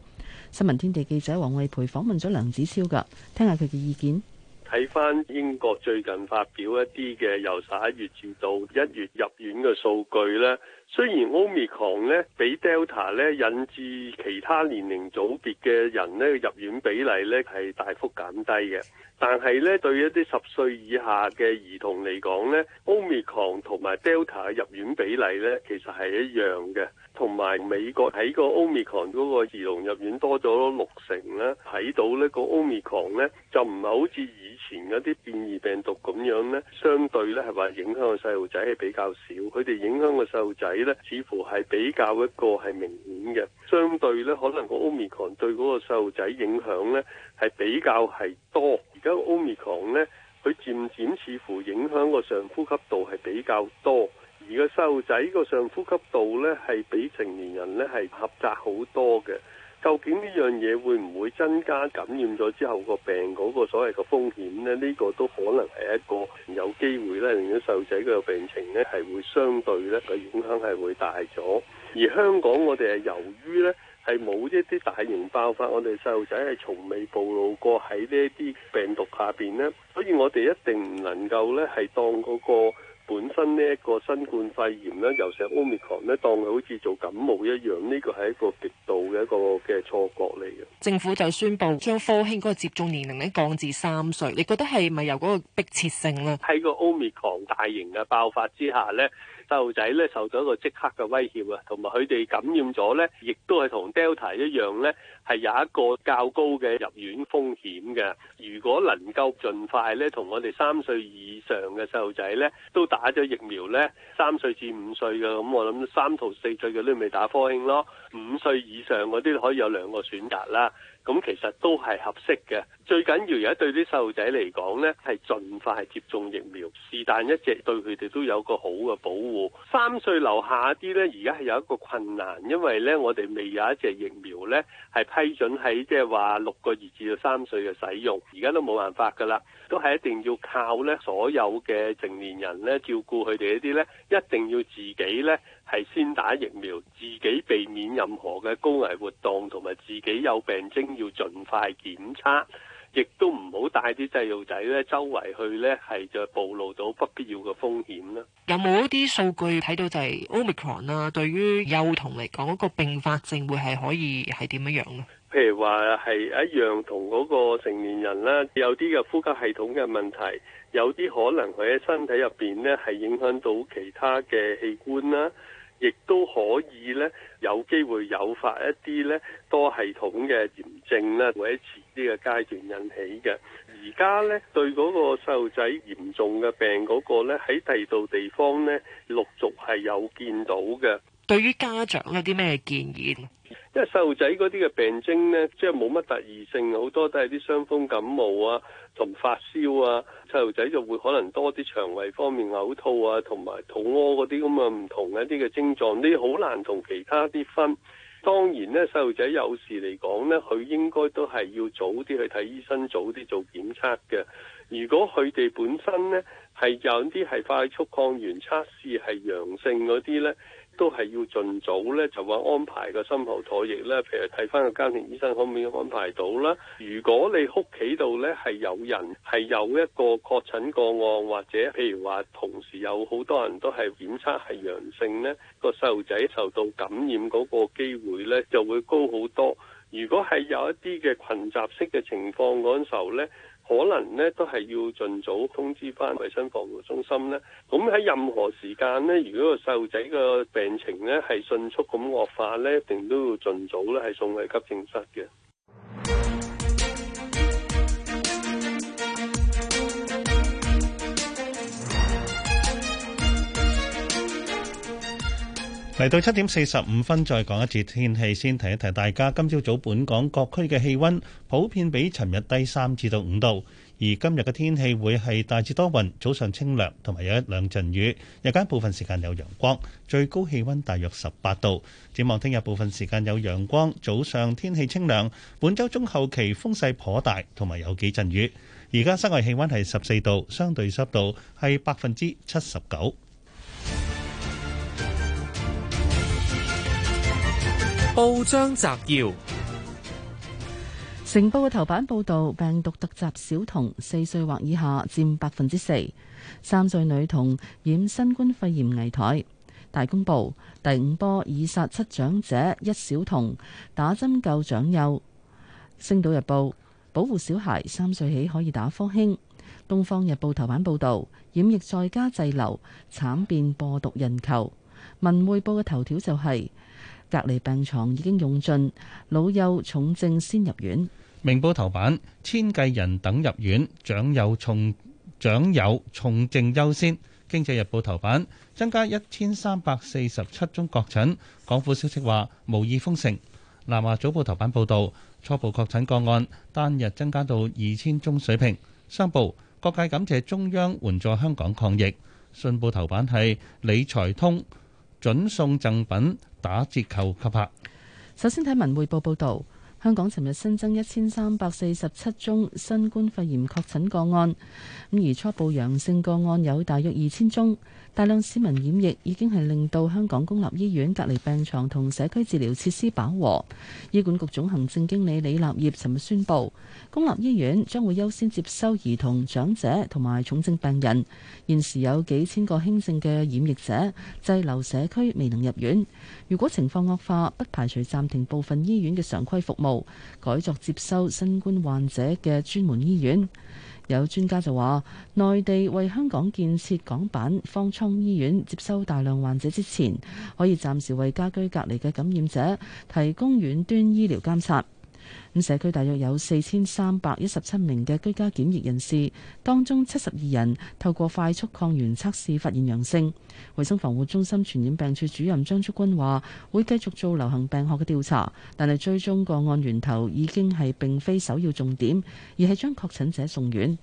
新聞天地記者黃慧培訪問咗梁子超噶，聽下佢嘅意見。睇翻英國最近發表一啲嘅由十一月至到一月入院嘅數據咧，雖然 Omicron 咧比 Delta 咧引致其他年齡組別嘅人咧入院比例咧係大幅減低嘅，但係咧對一啲十歲以下嘅兒童嚟講咧，Omicron 同埋 Delta 嘅入院比例咧其實係一樣嘅。同埋美國喺個 i c 克戎嗰個兒童入院多咗六成咧，睇到個呢個奧米 o n 咧就唔係好似以前嗰啲變異病毒咁樣咧，相對咧係話影響個細路仔係比較少，佢哋影響個細路仔咧，似乎係比較一個係明顯嘅，相對咧可能個 i c 克戎對嗰個細路仔影響咧係比較係多，而家 o m 奧米 o n 咧佢漸漸似乎影響個上呼吸道係比較多。而個細路仔個上呼吸道呢，係比成年人呢係狹窄好多嘅。究竟呢樣嘢會唔會增加感染咗之後個病嗰個所謂嘅風險呢？呢個都可能係一個有機會呢，令到細路仔嘅病情呢係會相對呢嘅影響係會大咗。而香港我哋係由於呢係冇一啲大型爆發，我哋細路仔係從未暴露過喺呢啲病毒下邊呢。所以我哋一定唔能夠呢係當嗰個。本身呢一個新冠肺炎咧，尤其係 Omicron 咧，當佢好似做感冒一樣，呢個係一個極度嘅一個嘅錯覺嚟嘅。政府就宣布將科興嗰個接種年齡咧降至三歲，你覺得係咪由嗰個迫切性啦？喺個 Omicron 大型嘅爆發之下咧，細路仔咧受咗一個即刻嘅威脅啊，同埋佢哋感染咗咧，亦都係同 Delta 一樣咧。係有一個較高嘅入院風險嘅。如果能夠盡快咧，同我哋三歲以上嘅細路仔咧，都打咗疫苗咧，三歲至五歲嘅，咁、嗯、我諗三到四歲嘅都未打科興咯。五歲以上嗰啲可以有兩個選擇啦。咁、嗯、其實都係合適嘅。最緊要而家對啲細路仔嚟講咧，係盡快接種疫苗，是但一隻對佢哋都有個好嘅保護。三歲樓下啲咧，而家係有一個困難，因為咧我哋未有一隻疫苗咧係，批准喺，即係話六個月至到三歲嘅使用，而家都冇辦法噶啦，都係一定要靠咧所有嘅成年人咧照顧佢哋一啲咧，一定要自己咧係先打疫苗，自己避免任何嘅高危活動同埋自己有病徵要盡快檢測。亦都唔好帶啲細路仔咧，周圍去咧係就暴露到不必要嘅風險啦。有冇一啲數據睇到就係 Omicron 啦啊？對於幼童嚟講，嗰個併發症會係可以係點樣樣咧？譬如話係一樣同嗰個成年人啦，有啲嘅呼吸系統嘅問題，有啲可能佢喺身體入邊咧係影響到其他嘅器官啦。亦都可以咧，有機會誘發一啲咧多系統嘅炎症啦，或者遲啲嘅階段引起嘅。而家咧對嗰個細路仔嚴重嘅病嗰個咧，喺第二度地方咧陸續係有見到嘅。對於家長有啲咩建議？因為細路仔嗰啲嘅病徵呢，即係冇乜特異性，好多都係啲傷風感冒啊，同發燒啊，細路仔就會可能多啲腸胃方面嘔吐啊，同埋肚屙嗰啲咁嘅唔同嘅一啲嘅症狀，呢啲好難同其他啲分。當然呢，細路仔有時嚟講呢，佢應該都係要早啲去睇醫生，早啲做檢測嘅。如果佢哋本身呢，係有啲係快速抗原測試係陽性嗰啲呢。都係要盡早咧，就話安排個深喉唾液咧，譬如睇翻個家庭醫生可唔可以安排到啦。如果你屋企度咧係有人係有一個確診個案，或者譬如話同時有好多人都係檢測係陽性咧，個細路仔受到感染嗰個機會咧就會高好多。如果係有一啲嘅群集式嘅情況嗰陣時候咧。可能咧都係要盡早通知翻衞生防護中心咧。咁喺任何時間咧，如果個細路仔個病情咧係迅速咁惡化咧，一定都要盡早咧係送去急症室嘅。嚟到七點四十五分，再講一次天氣先，提一提大家。今朝早本港各區嘅氣温普遍比尋日低三至到五度，而今日嘅天氣會係大致多雲，早上清涼，同埋有一兩陣雨。日間部分時間有陽光，最高氣温大約十八度。展望聽日部分時間有陽光，早上天氣清涼。本周中後期風勢頗大，同埋有幾陣雨。而家室外氣温係十四度，相對濕度係百分之七十九。報章摘要：成報嘅頭版報道病毒突襲小童，四歲或以下佔百分之四；三歲女童染新冠肺炎危殆。大公報第五波已殺七長者，一小童打針救長幼。星島日報保護小孩三歲起可以打科興。東方日報頭版報道染疫在家滯留，慘變播毒人球。文匯報嘅頭條就係、是。隔離病床已經用盡，老幼重症先入院。明報頭版：千計人等入院，長幼重長幼重症優先。經濟日報頭版：增加一千三百四十七宗確診，港府消息話無意封城。南華早報頭版報導，初步確診個案單日增加到二千宗水平。商報，各界感謝中央援助香港抗疫。信報頭版，係理財通準送贈品打折扣吸客。首先睇文匯報報道，香港尋日新增一千三百四十七宗新冠肺炎確診個案，咁而初步陽性個案有大約二千宗。大量市民染疫已經係令到香港公立醫院隔離病床同社區治療設施飽和。醫管局總行政經理李立業尋日宣布，公立醫院將會優先接收兒童、長者同埋重症病人。現時有幾千個輕症嘅染疫者滯留社區未能入院。如果情況惡化，不排除暫停部分醫院嘅常規服務，改作接收新冠患者嘅專門醫院。有專家就話，內地為香港建設港版方艙醫院接收大量患者之前，可以暫時為家居隔離嘅感染者提供遠端醫療監察。咁社區大約有四千三百一十七名嘅居家檢疫人士，當中七十二人透過快速抗原測試發現陽性。衛生防護中心傳染病處主任張竹君話，會繼續做流行病學嘅調查，但係追蹤個案源頭已經係並非首要重點，而係將確診者送院。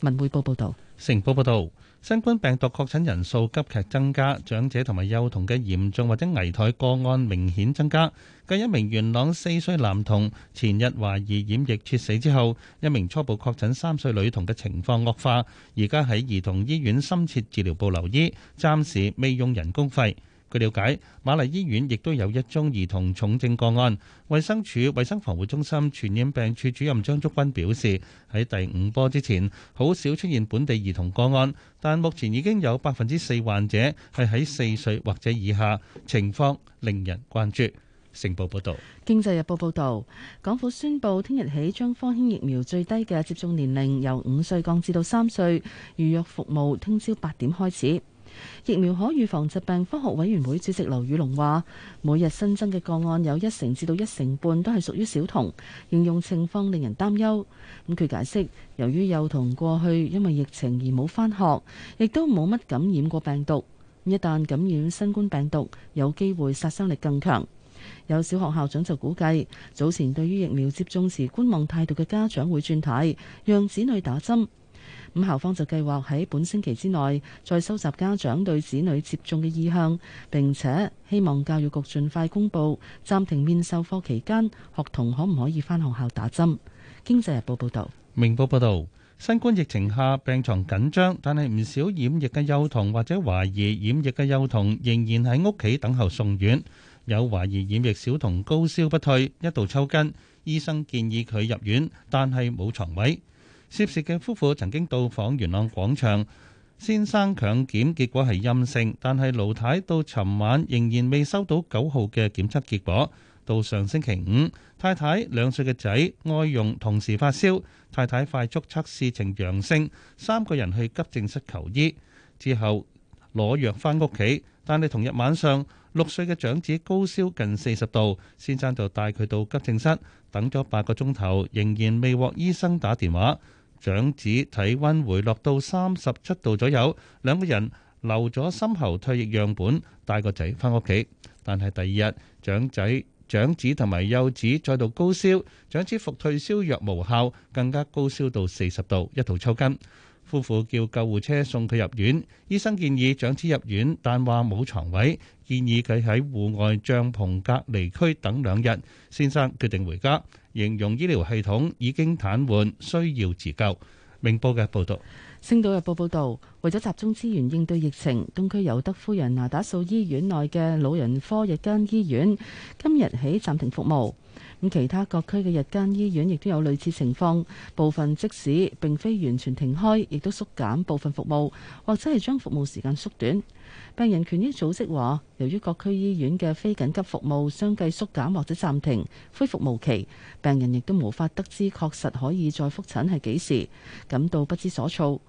文匯報報道，成報報道。新冠病毒確診人數急劇增加，長者同埋幼童嘅嚴重或者危殆個案明顯增加。繼一名元朗四歲男童前日懷疑染疫猝死之後，一名初步確診三歲女童嘅情況惡化，而家喺兒童醫院深切治療部留醫，暫時未用人工肺。據了解，瑪麗醫院亦都有一宗兒童重症個案。衛生署衛生防護中心傳染病處主任張竹君表示，喺第五波之前，好少出現本地兒童個案，但目前已經有百分之四患者係喺四歲或者以下，情況令人關注。成報報導，《經濟日報》報導，港府宣布聽日起將科興疫苗最低嘅接種年齡由五歲降至到三歲，預約服務聽朝八點開始。疫苗可預防疾病科學委員會主席劉宇隆話，每日新增嘅個案有一成至到一成半都係屬於小童，形容情況令人擔憂。咁佢解釋，由於幼童過去因為疫情而冇返學，亦都冇乜感染過病毒，一旦感染新冠病毒，有機會殺傷力更強。有小學校長就估計，早前對於疫苗接種時觀望態度嘅家長會轉軚，讓子女打針。咁校方就計劃喺本星期之內再收集家長對子女接種嘅意向，並且希望教育局盡快公佈暫停面授課期間學童可唔可以返學校打針。經濟日報報道，明報報道，新冠疫情下病床緊張，但係唔少染疫嘅幼童或者懷疑染疫嘅幼童仍然喺屋企等候送院。有懷疑染疫小童高燒不退，一度抽筋，醫生建議佢入院，但係冇床位。涉事嘅夫婦曾經到訪元朗廣場，先生強檢結果係陰性，但係盧太到尋晚仍然未收到九號嘅檢測結果。到上星期五，太太兩歲嘅仔外傭同時發燒，太太快速測試呈陽性，三個人去急症室求醫，之後攞藥翻屋企。但係同日晚上，六歲嘅長子高燒近四十度，先生就帶佢到急症室，等咗八個鐘頭，仍然未獲醫生打電話。長子體溫回落到三十七度左右，兩個人留咗深喉唾液樣本，帶個仔翻屋企。但係第二日，長仔、長子同埋幼子再度高燒，長子服退燒藥無效，更加高燒到四十度，一度抽筋。夫婦叫救護車送佢入院，醫生建議長子入院，但話冇床位，建議佢喺戶外帳篷隔離區等兩日。先生決定回家。形容醫療系統已經癱瘓，需要自救。明報嘅報道，《星島日報》報道，為咗集中資源應對疫情，東區尤德夫人那打素醫院內嘅老人科日間醫院今日起暫停服務。咁其他各區嘅日間醫院亦都有類似情況，部分即使並非完全停開，亦都縮減部分服務，或者係將服務時間縮短。病人權益組織話，由於各區醫院嘅非緊急服務相繼縮減或者暫停，恢復無期，病人亦都無法得知確實可以再覆診係幾時，感到不知所措。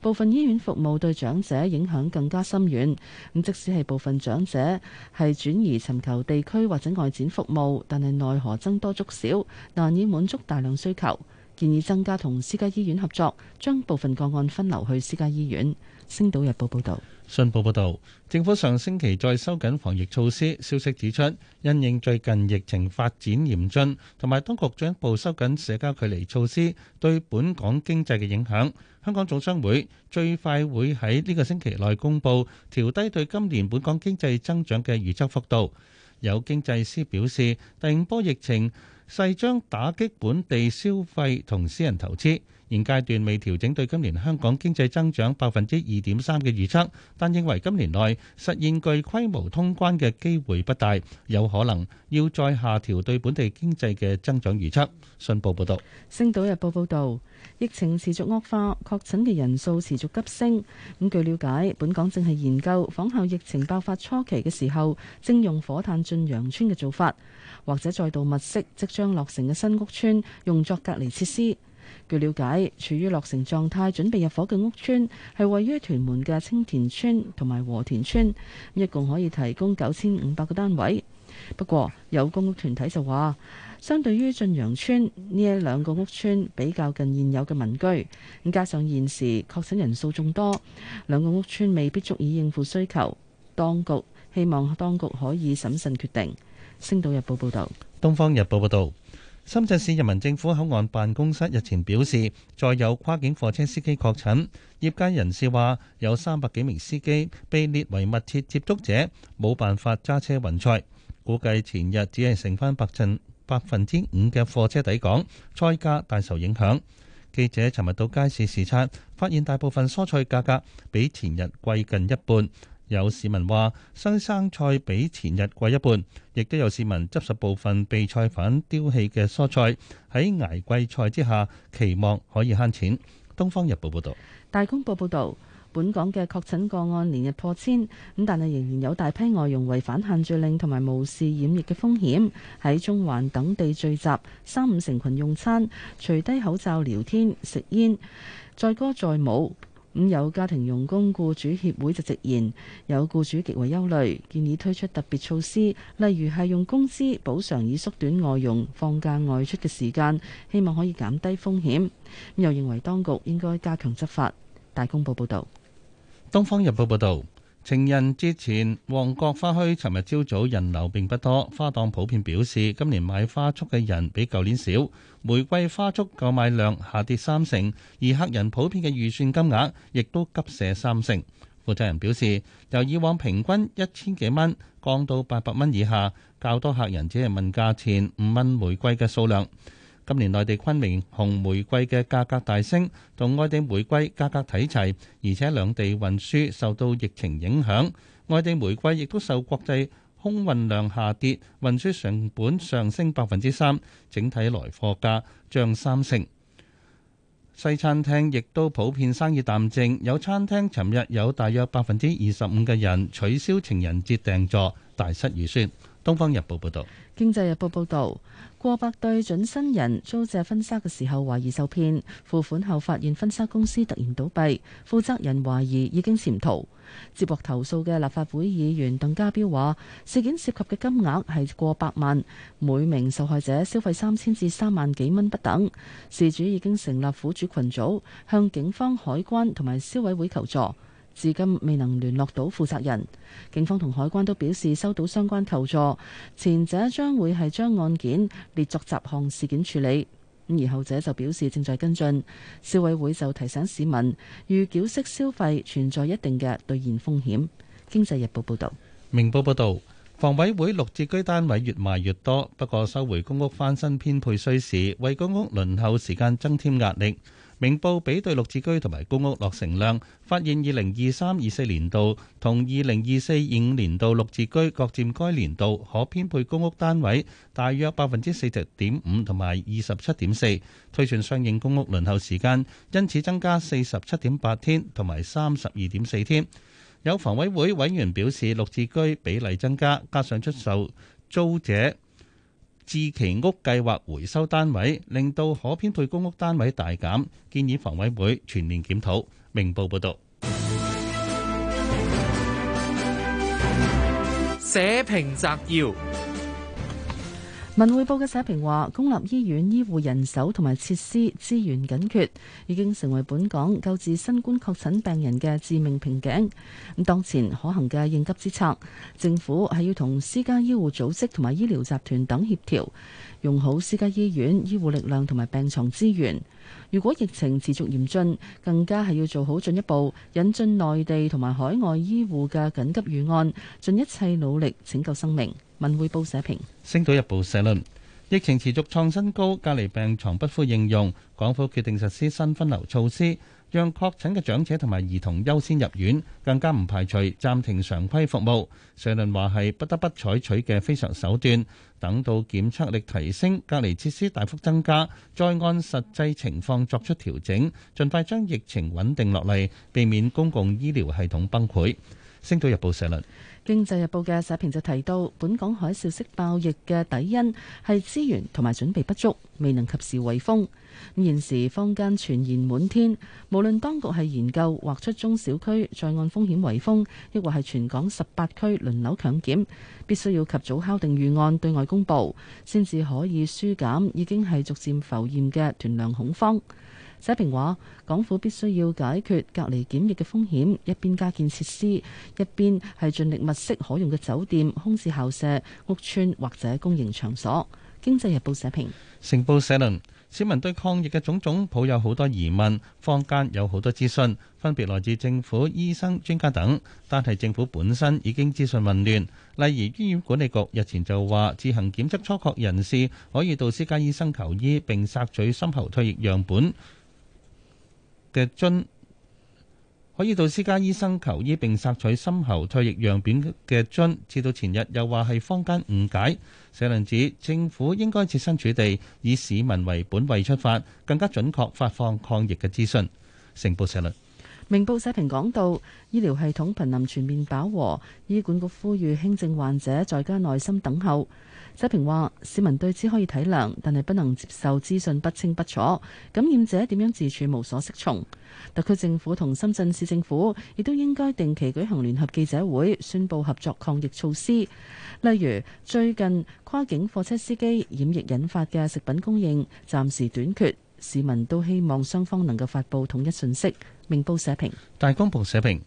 部分醫院服務對長者影響更加深遠，咁即使係部分長者係轉移尋求地區或者外展服務，但係奈何僧多粥少，難以滿足大量需求。建議增加同私家醫院合作，將部分個案分流去私家醫院。星島日報報道。信報報道，政府上星期再收緊防疫措施。消息指出，因應最近疫情發展嚴峻，同埋當局進一步收緊社交距離措施，對本港經濟嘅影響，香港總商會最快會喺呢個星期內公布調低對今年本港經濟增長嘅預測幅度。有經濟師表示，第五波疫情。誓將打擊本地消費同私人投資。現階段未調整對今年香港經濟增長百分之二點三嘅預測，但認為今年內實現具規模通關嘅機會不大，有可能要再下調對本地經濟嘅增長預測。信報報道。《星島日報》報道，疫情持續惡化，確診嘅人數持續急升。咁據了解，本港正係研究仿效疫情爆發初期嘅時候，徵用火炭進洋村嘅做法，或者再度物色即將落成嘅新屋村用作隔離設施。據了解，處於落成狀態、準備入伙嘅屋邨係位於屯門嘅青田邨同埋和田邨，一共可以提供九千五百個單位。不過，有公屋團體就話，相對於駿洋邨呢兩個屋邨比較近現有嘅民居，加上現時確診人數眾多，兩個屋邨未必足以應付需求。當局希望當局可以審慎決定。星島日報報道，東方日報報道。深圳市人民政府口岸辦公室日前表示，再有跨境貨車司機確診，業界人士話有三百幾名司機被列為密切接觸者，冇辦法揸車運菜，估計前日只係剩翻百分百分之五嘅貨車抵港，菜價大受影響。記者尋日到街市視察，發現大部分蔬菜價格比前日貴近一半。有市民話：新生，生菜比前日貴一半，亦都有市民執拾部分被菜販丟棄嘅蔬菜，喺捱貴菜之下，期望可以慳錢。《東方日報，報》報道，《大公報》報道，本港嘅確診個案連日破千，咁但係仍然有大批外傭違反限聚令同埋無視染疫嘅風險，喺中環等地聚集，三五成群用餐，除低口罩聊天、食煙、載歌載舞。咁有家庭傭工僱主協會就直言，有僱主極為憂慮，建議推出特別措施，例如係用工資補償以縮短外傭放假外出嘅時間，希望可以減低風險。又認為當局應該加強執法。大公報報道，東方日報報道。情人節前，旺角花墟，尋日朝早人流並不多，花檔普遍表示今年買花束嘅人比舊年少，玫瑰花束購買量下跌三成，而客人普遍嘅預算金額亦都急跌三成。負責人表示，由以往平均一千幾蚊降到八百蚊以下，較多客人只係問價錢，五蚊玫瑰嘅數量。今年內地昆明紅玫瑰嘅價格大升，同外地玫瑰價格睇齊，而且兩地運輸受到疫情影響，外地玫瑰亦都受國際空運量下跌，運輸成本上升百分之三，整體來貨價漲三成。西餐廳亦都普遍生意淡靜，有餐廳尋日有大約百分之二十五嘅人取消情人節訂座，大失預算。《東方日報》報導，《經濟日報》報導，過百對準新人租借婚紗嘅時候懷疑受騙，付款後發現婚紗公司突然倒閉，負責人懷疑已經潛逃。接獲投訴嘅立法會議員鄧家彪話，事件涉及嘅金額係過百萬，每名受害者消費三千至三萬幾蚊不等。事主已經成立苦主群組，向警方、海關同埋消委會求助。至今未能聯絡到負責人，警方同海關都表示收到相關求助，前者將會係將案件列作雜項事件處理，咁而後者就表示正在跟進。消委會就提醒市民，預繳式消費存在一定嘅兌現風險。經濟日報報導，明報報導，房委會綠置居單位越賣越多，不過收回公屋翻新編配需時，為公屋輪候時間增添壓力。明報比對綠置居同埋公屋落成量，發現2023、24年度同2024、25年度綠置居各佔該年度可編配公屋單位大約百分之四十點五同埋二十七點四，推算相應公屋輪候時間，因此增加四十七點八天同埋三十二點四天。有房委會委員表示，綠置居比例增加，加上出售租者。置其屋計劃回收單位，令到可編配公屋單位大減，建議房委會全面檢討。明報報導。社評摘要。文匯報嘅社評話，公立醫院醫護人手同埋設施資源緊缺，已經成為本港救治新冠確診病人嘅致命瓶頸。咁當前可行嘅應急之策，政府係要同私家醫護組織同埋醫療集團等協調，用好私家醫院醫護力量同埋病床資源。如果疫情持續嚴峻，更加係要做好進一步引進內地同埋海外醫護嘅緊急預案，盡一切努力拯救生命。文匯報社評，《星島日報》社論：疫情持續創新高，隔離病床不敷應用，港府決定實施新分流措施，讓確診嘅長者同埋兒童優先入院，更加唔排除暫停常規服務。社論話係不得不採取嘅非常手段。等到檢測力提升，隔離設施大幅增加，再按實際情況作出調整，盡快將疫情穩定落嚟，避免公共醫療系統崩潰。《星島日報》社論，《經濟日報》嘅社評就提到，本港海嘯式爆疫嘅底因係資源同埋準備不足，未能及時圍封。咁現時坊間傳言滿天，無論當局係研究劃出中小區在岸風險圍封，抑或係全港十八區輪流強檢，必須要及早敲定預案對外公佈，先至可以紓減已經係逐漸浮現嘅囤糧恐慌。社評話：港府必須要解決隔離檢疫嘅風險，一邊加建設施，一邊係盡力物色可用嘅酒店、空置校舍、屋邨或者公營場所。經濟日報社評，成報社論：市民對抗疫嘅種種抱有好多疑問，坊間有好多資訊，分別來自政府、醫生、專家等，但係政府本身已經資訊混亂。例如，醫院管理局日前就話，自行檢測初確人士可以到私家醫生求醫，並索取深喉唾液樣本。嘅樽可以到私家醫生求醫，並索取深喉唾液樣片嘅樽。至到前日又話係坊間誤解。社論指政府應該設身處地，以市民為本位出發，更加準確發放抗疫嘅資訊。成報社論，明報社評講到，醫療系統瀕臨全面飽和，醫管局呼籲輕症患者在家耐心等候。社評話：市民對此可以體諒，但係不能接受資訊不清不楚。感染者點樣自處，無所適從。特區政府同深圳市政府亦都應該定期舉行聯合記者會，宣佈合作抗疫措施。例如最近跨境貨車司機染疫引發嘅食品供應暫時短缺，市民都希望雙方能夠發佈統一信息。明報社評，大公報社評。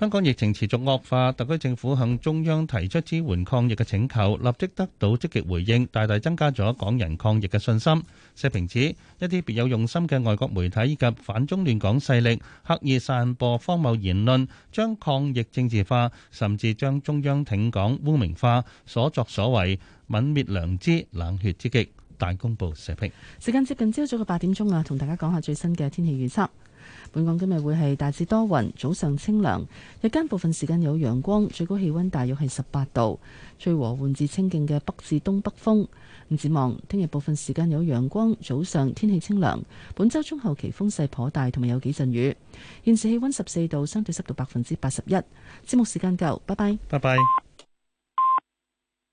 香港疫情持續惡化，特區政府向中央提出支援抗疫嘅請求，立即得到積極回應，大大增加咗港人抗疫嘅信心。社評指一啲別有用心嘅外國媒體及反中亂港勢力，刻意散播荒謬言論，將抗疫政治化，甚至將中央挺港污名化，所作所為泯滅良知、冷血之極。大公報社評。時間接近朝早嘅八點鐘啊，同大家講下最新嘅天氣預測。本港今日會係大致多雲，早上清涼，日間部分時間有陽光，最高氣溫大約係十八度，吹和緩至清勁嘅北至東北風。唔展望聽日部分時間有陽光，早上天氣清涼。本周中後期風勢頗大，同埋有幾陣雨。現時氣溫十四度，相對濕度百分之八十一。節目時間夠，拜拜。拜拜。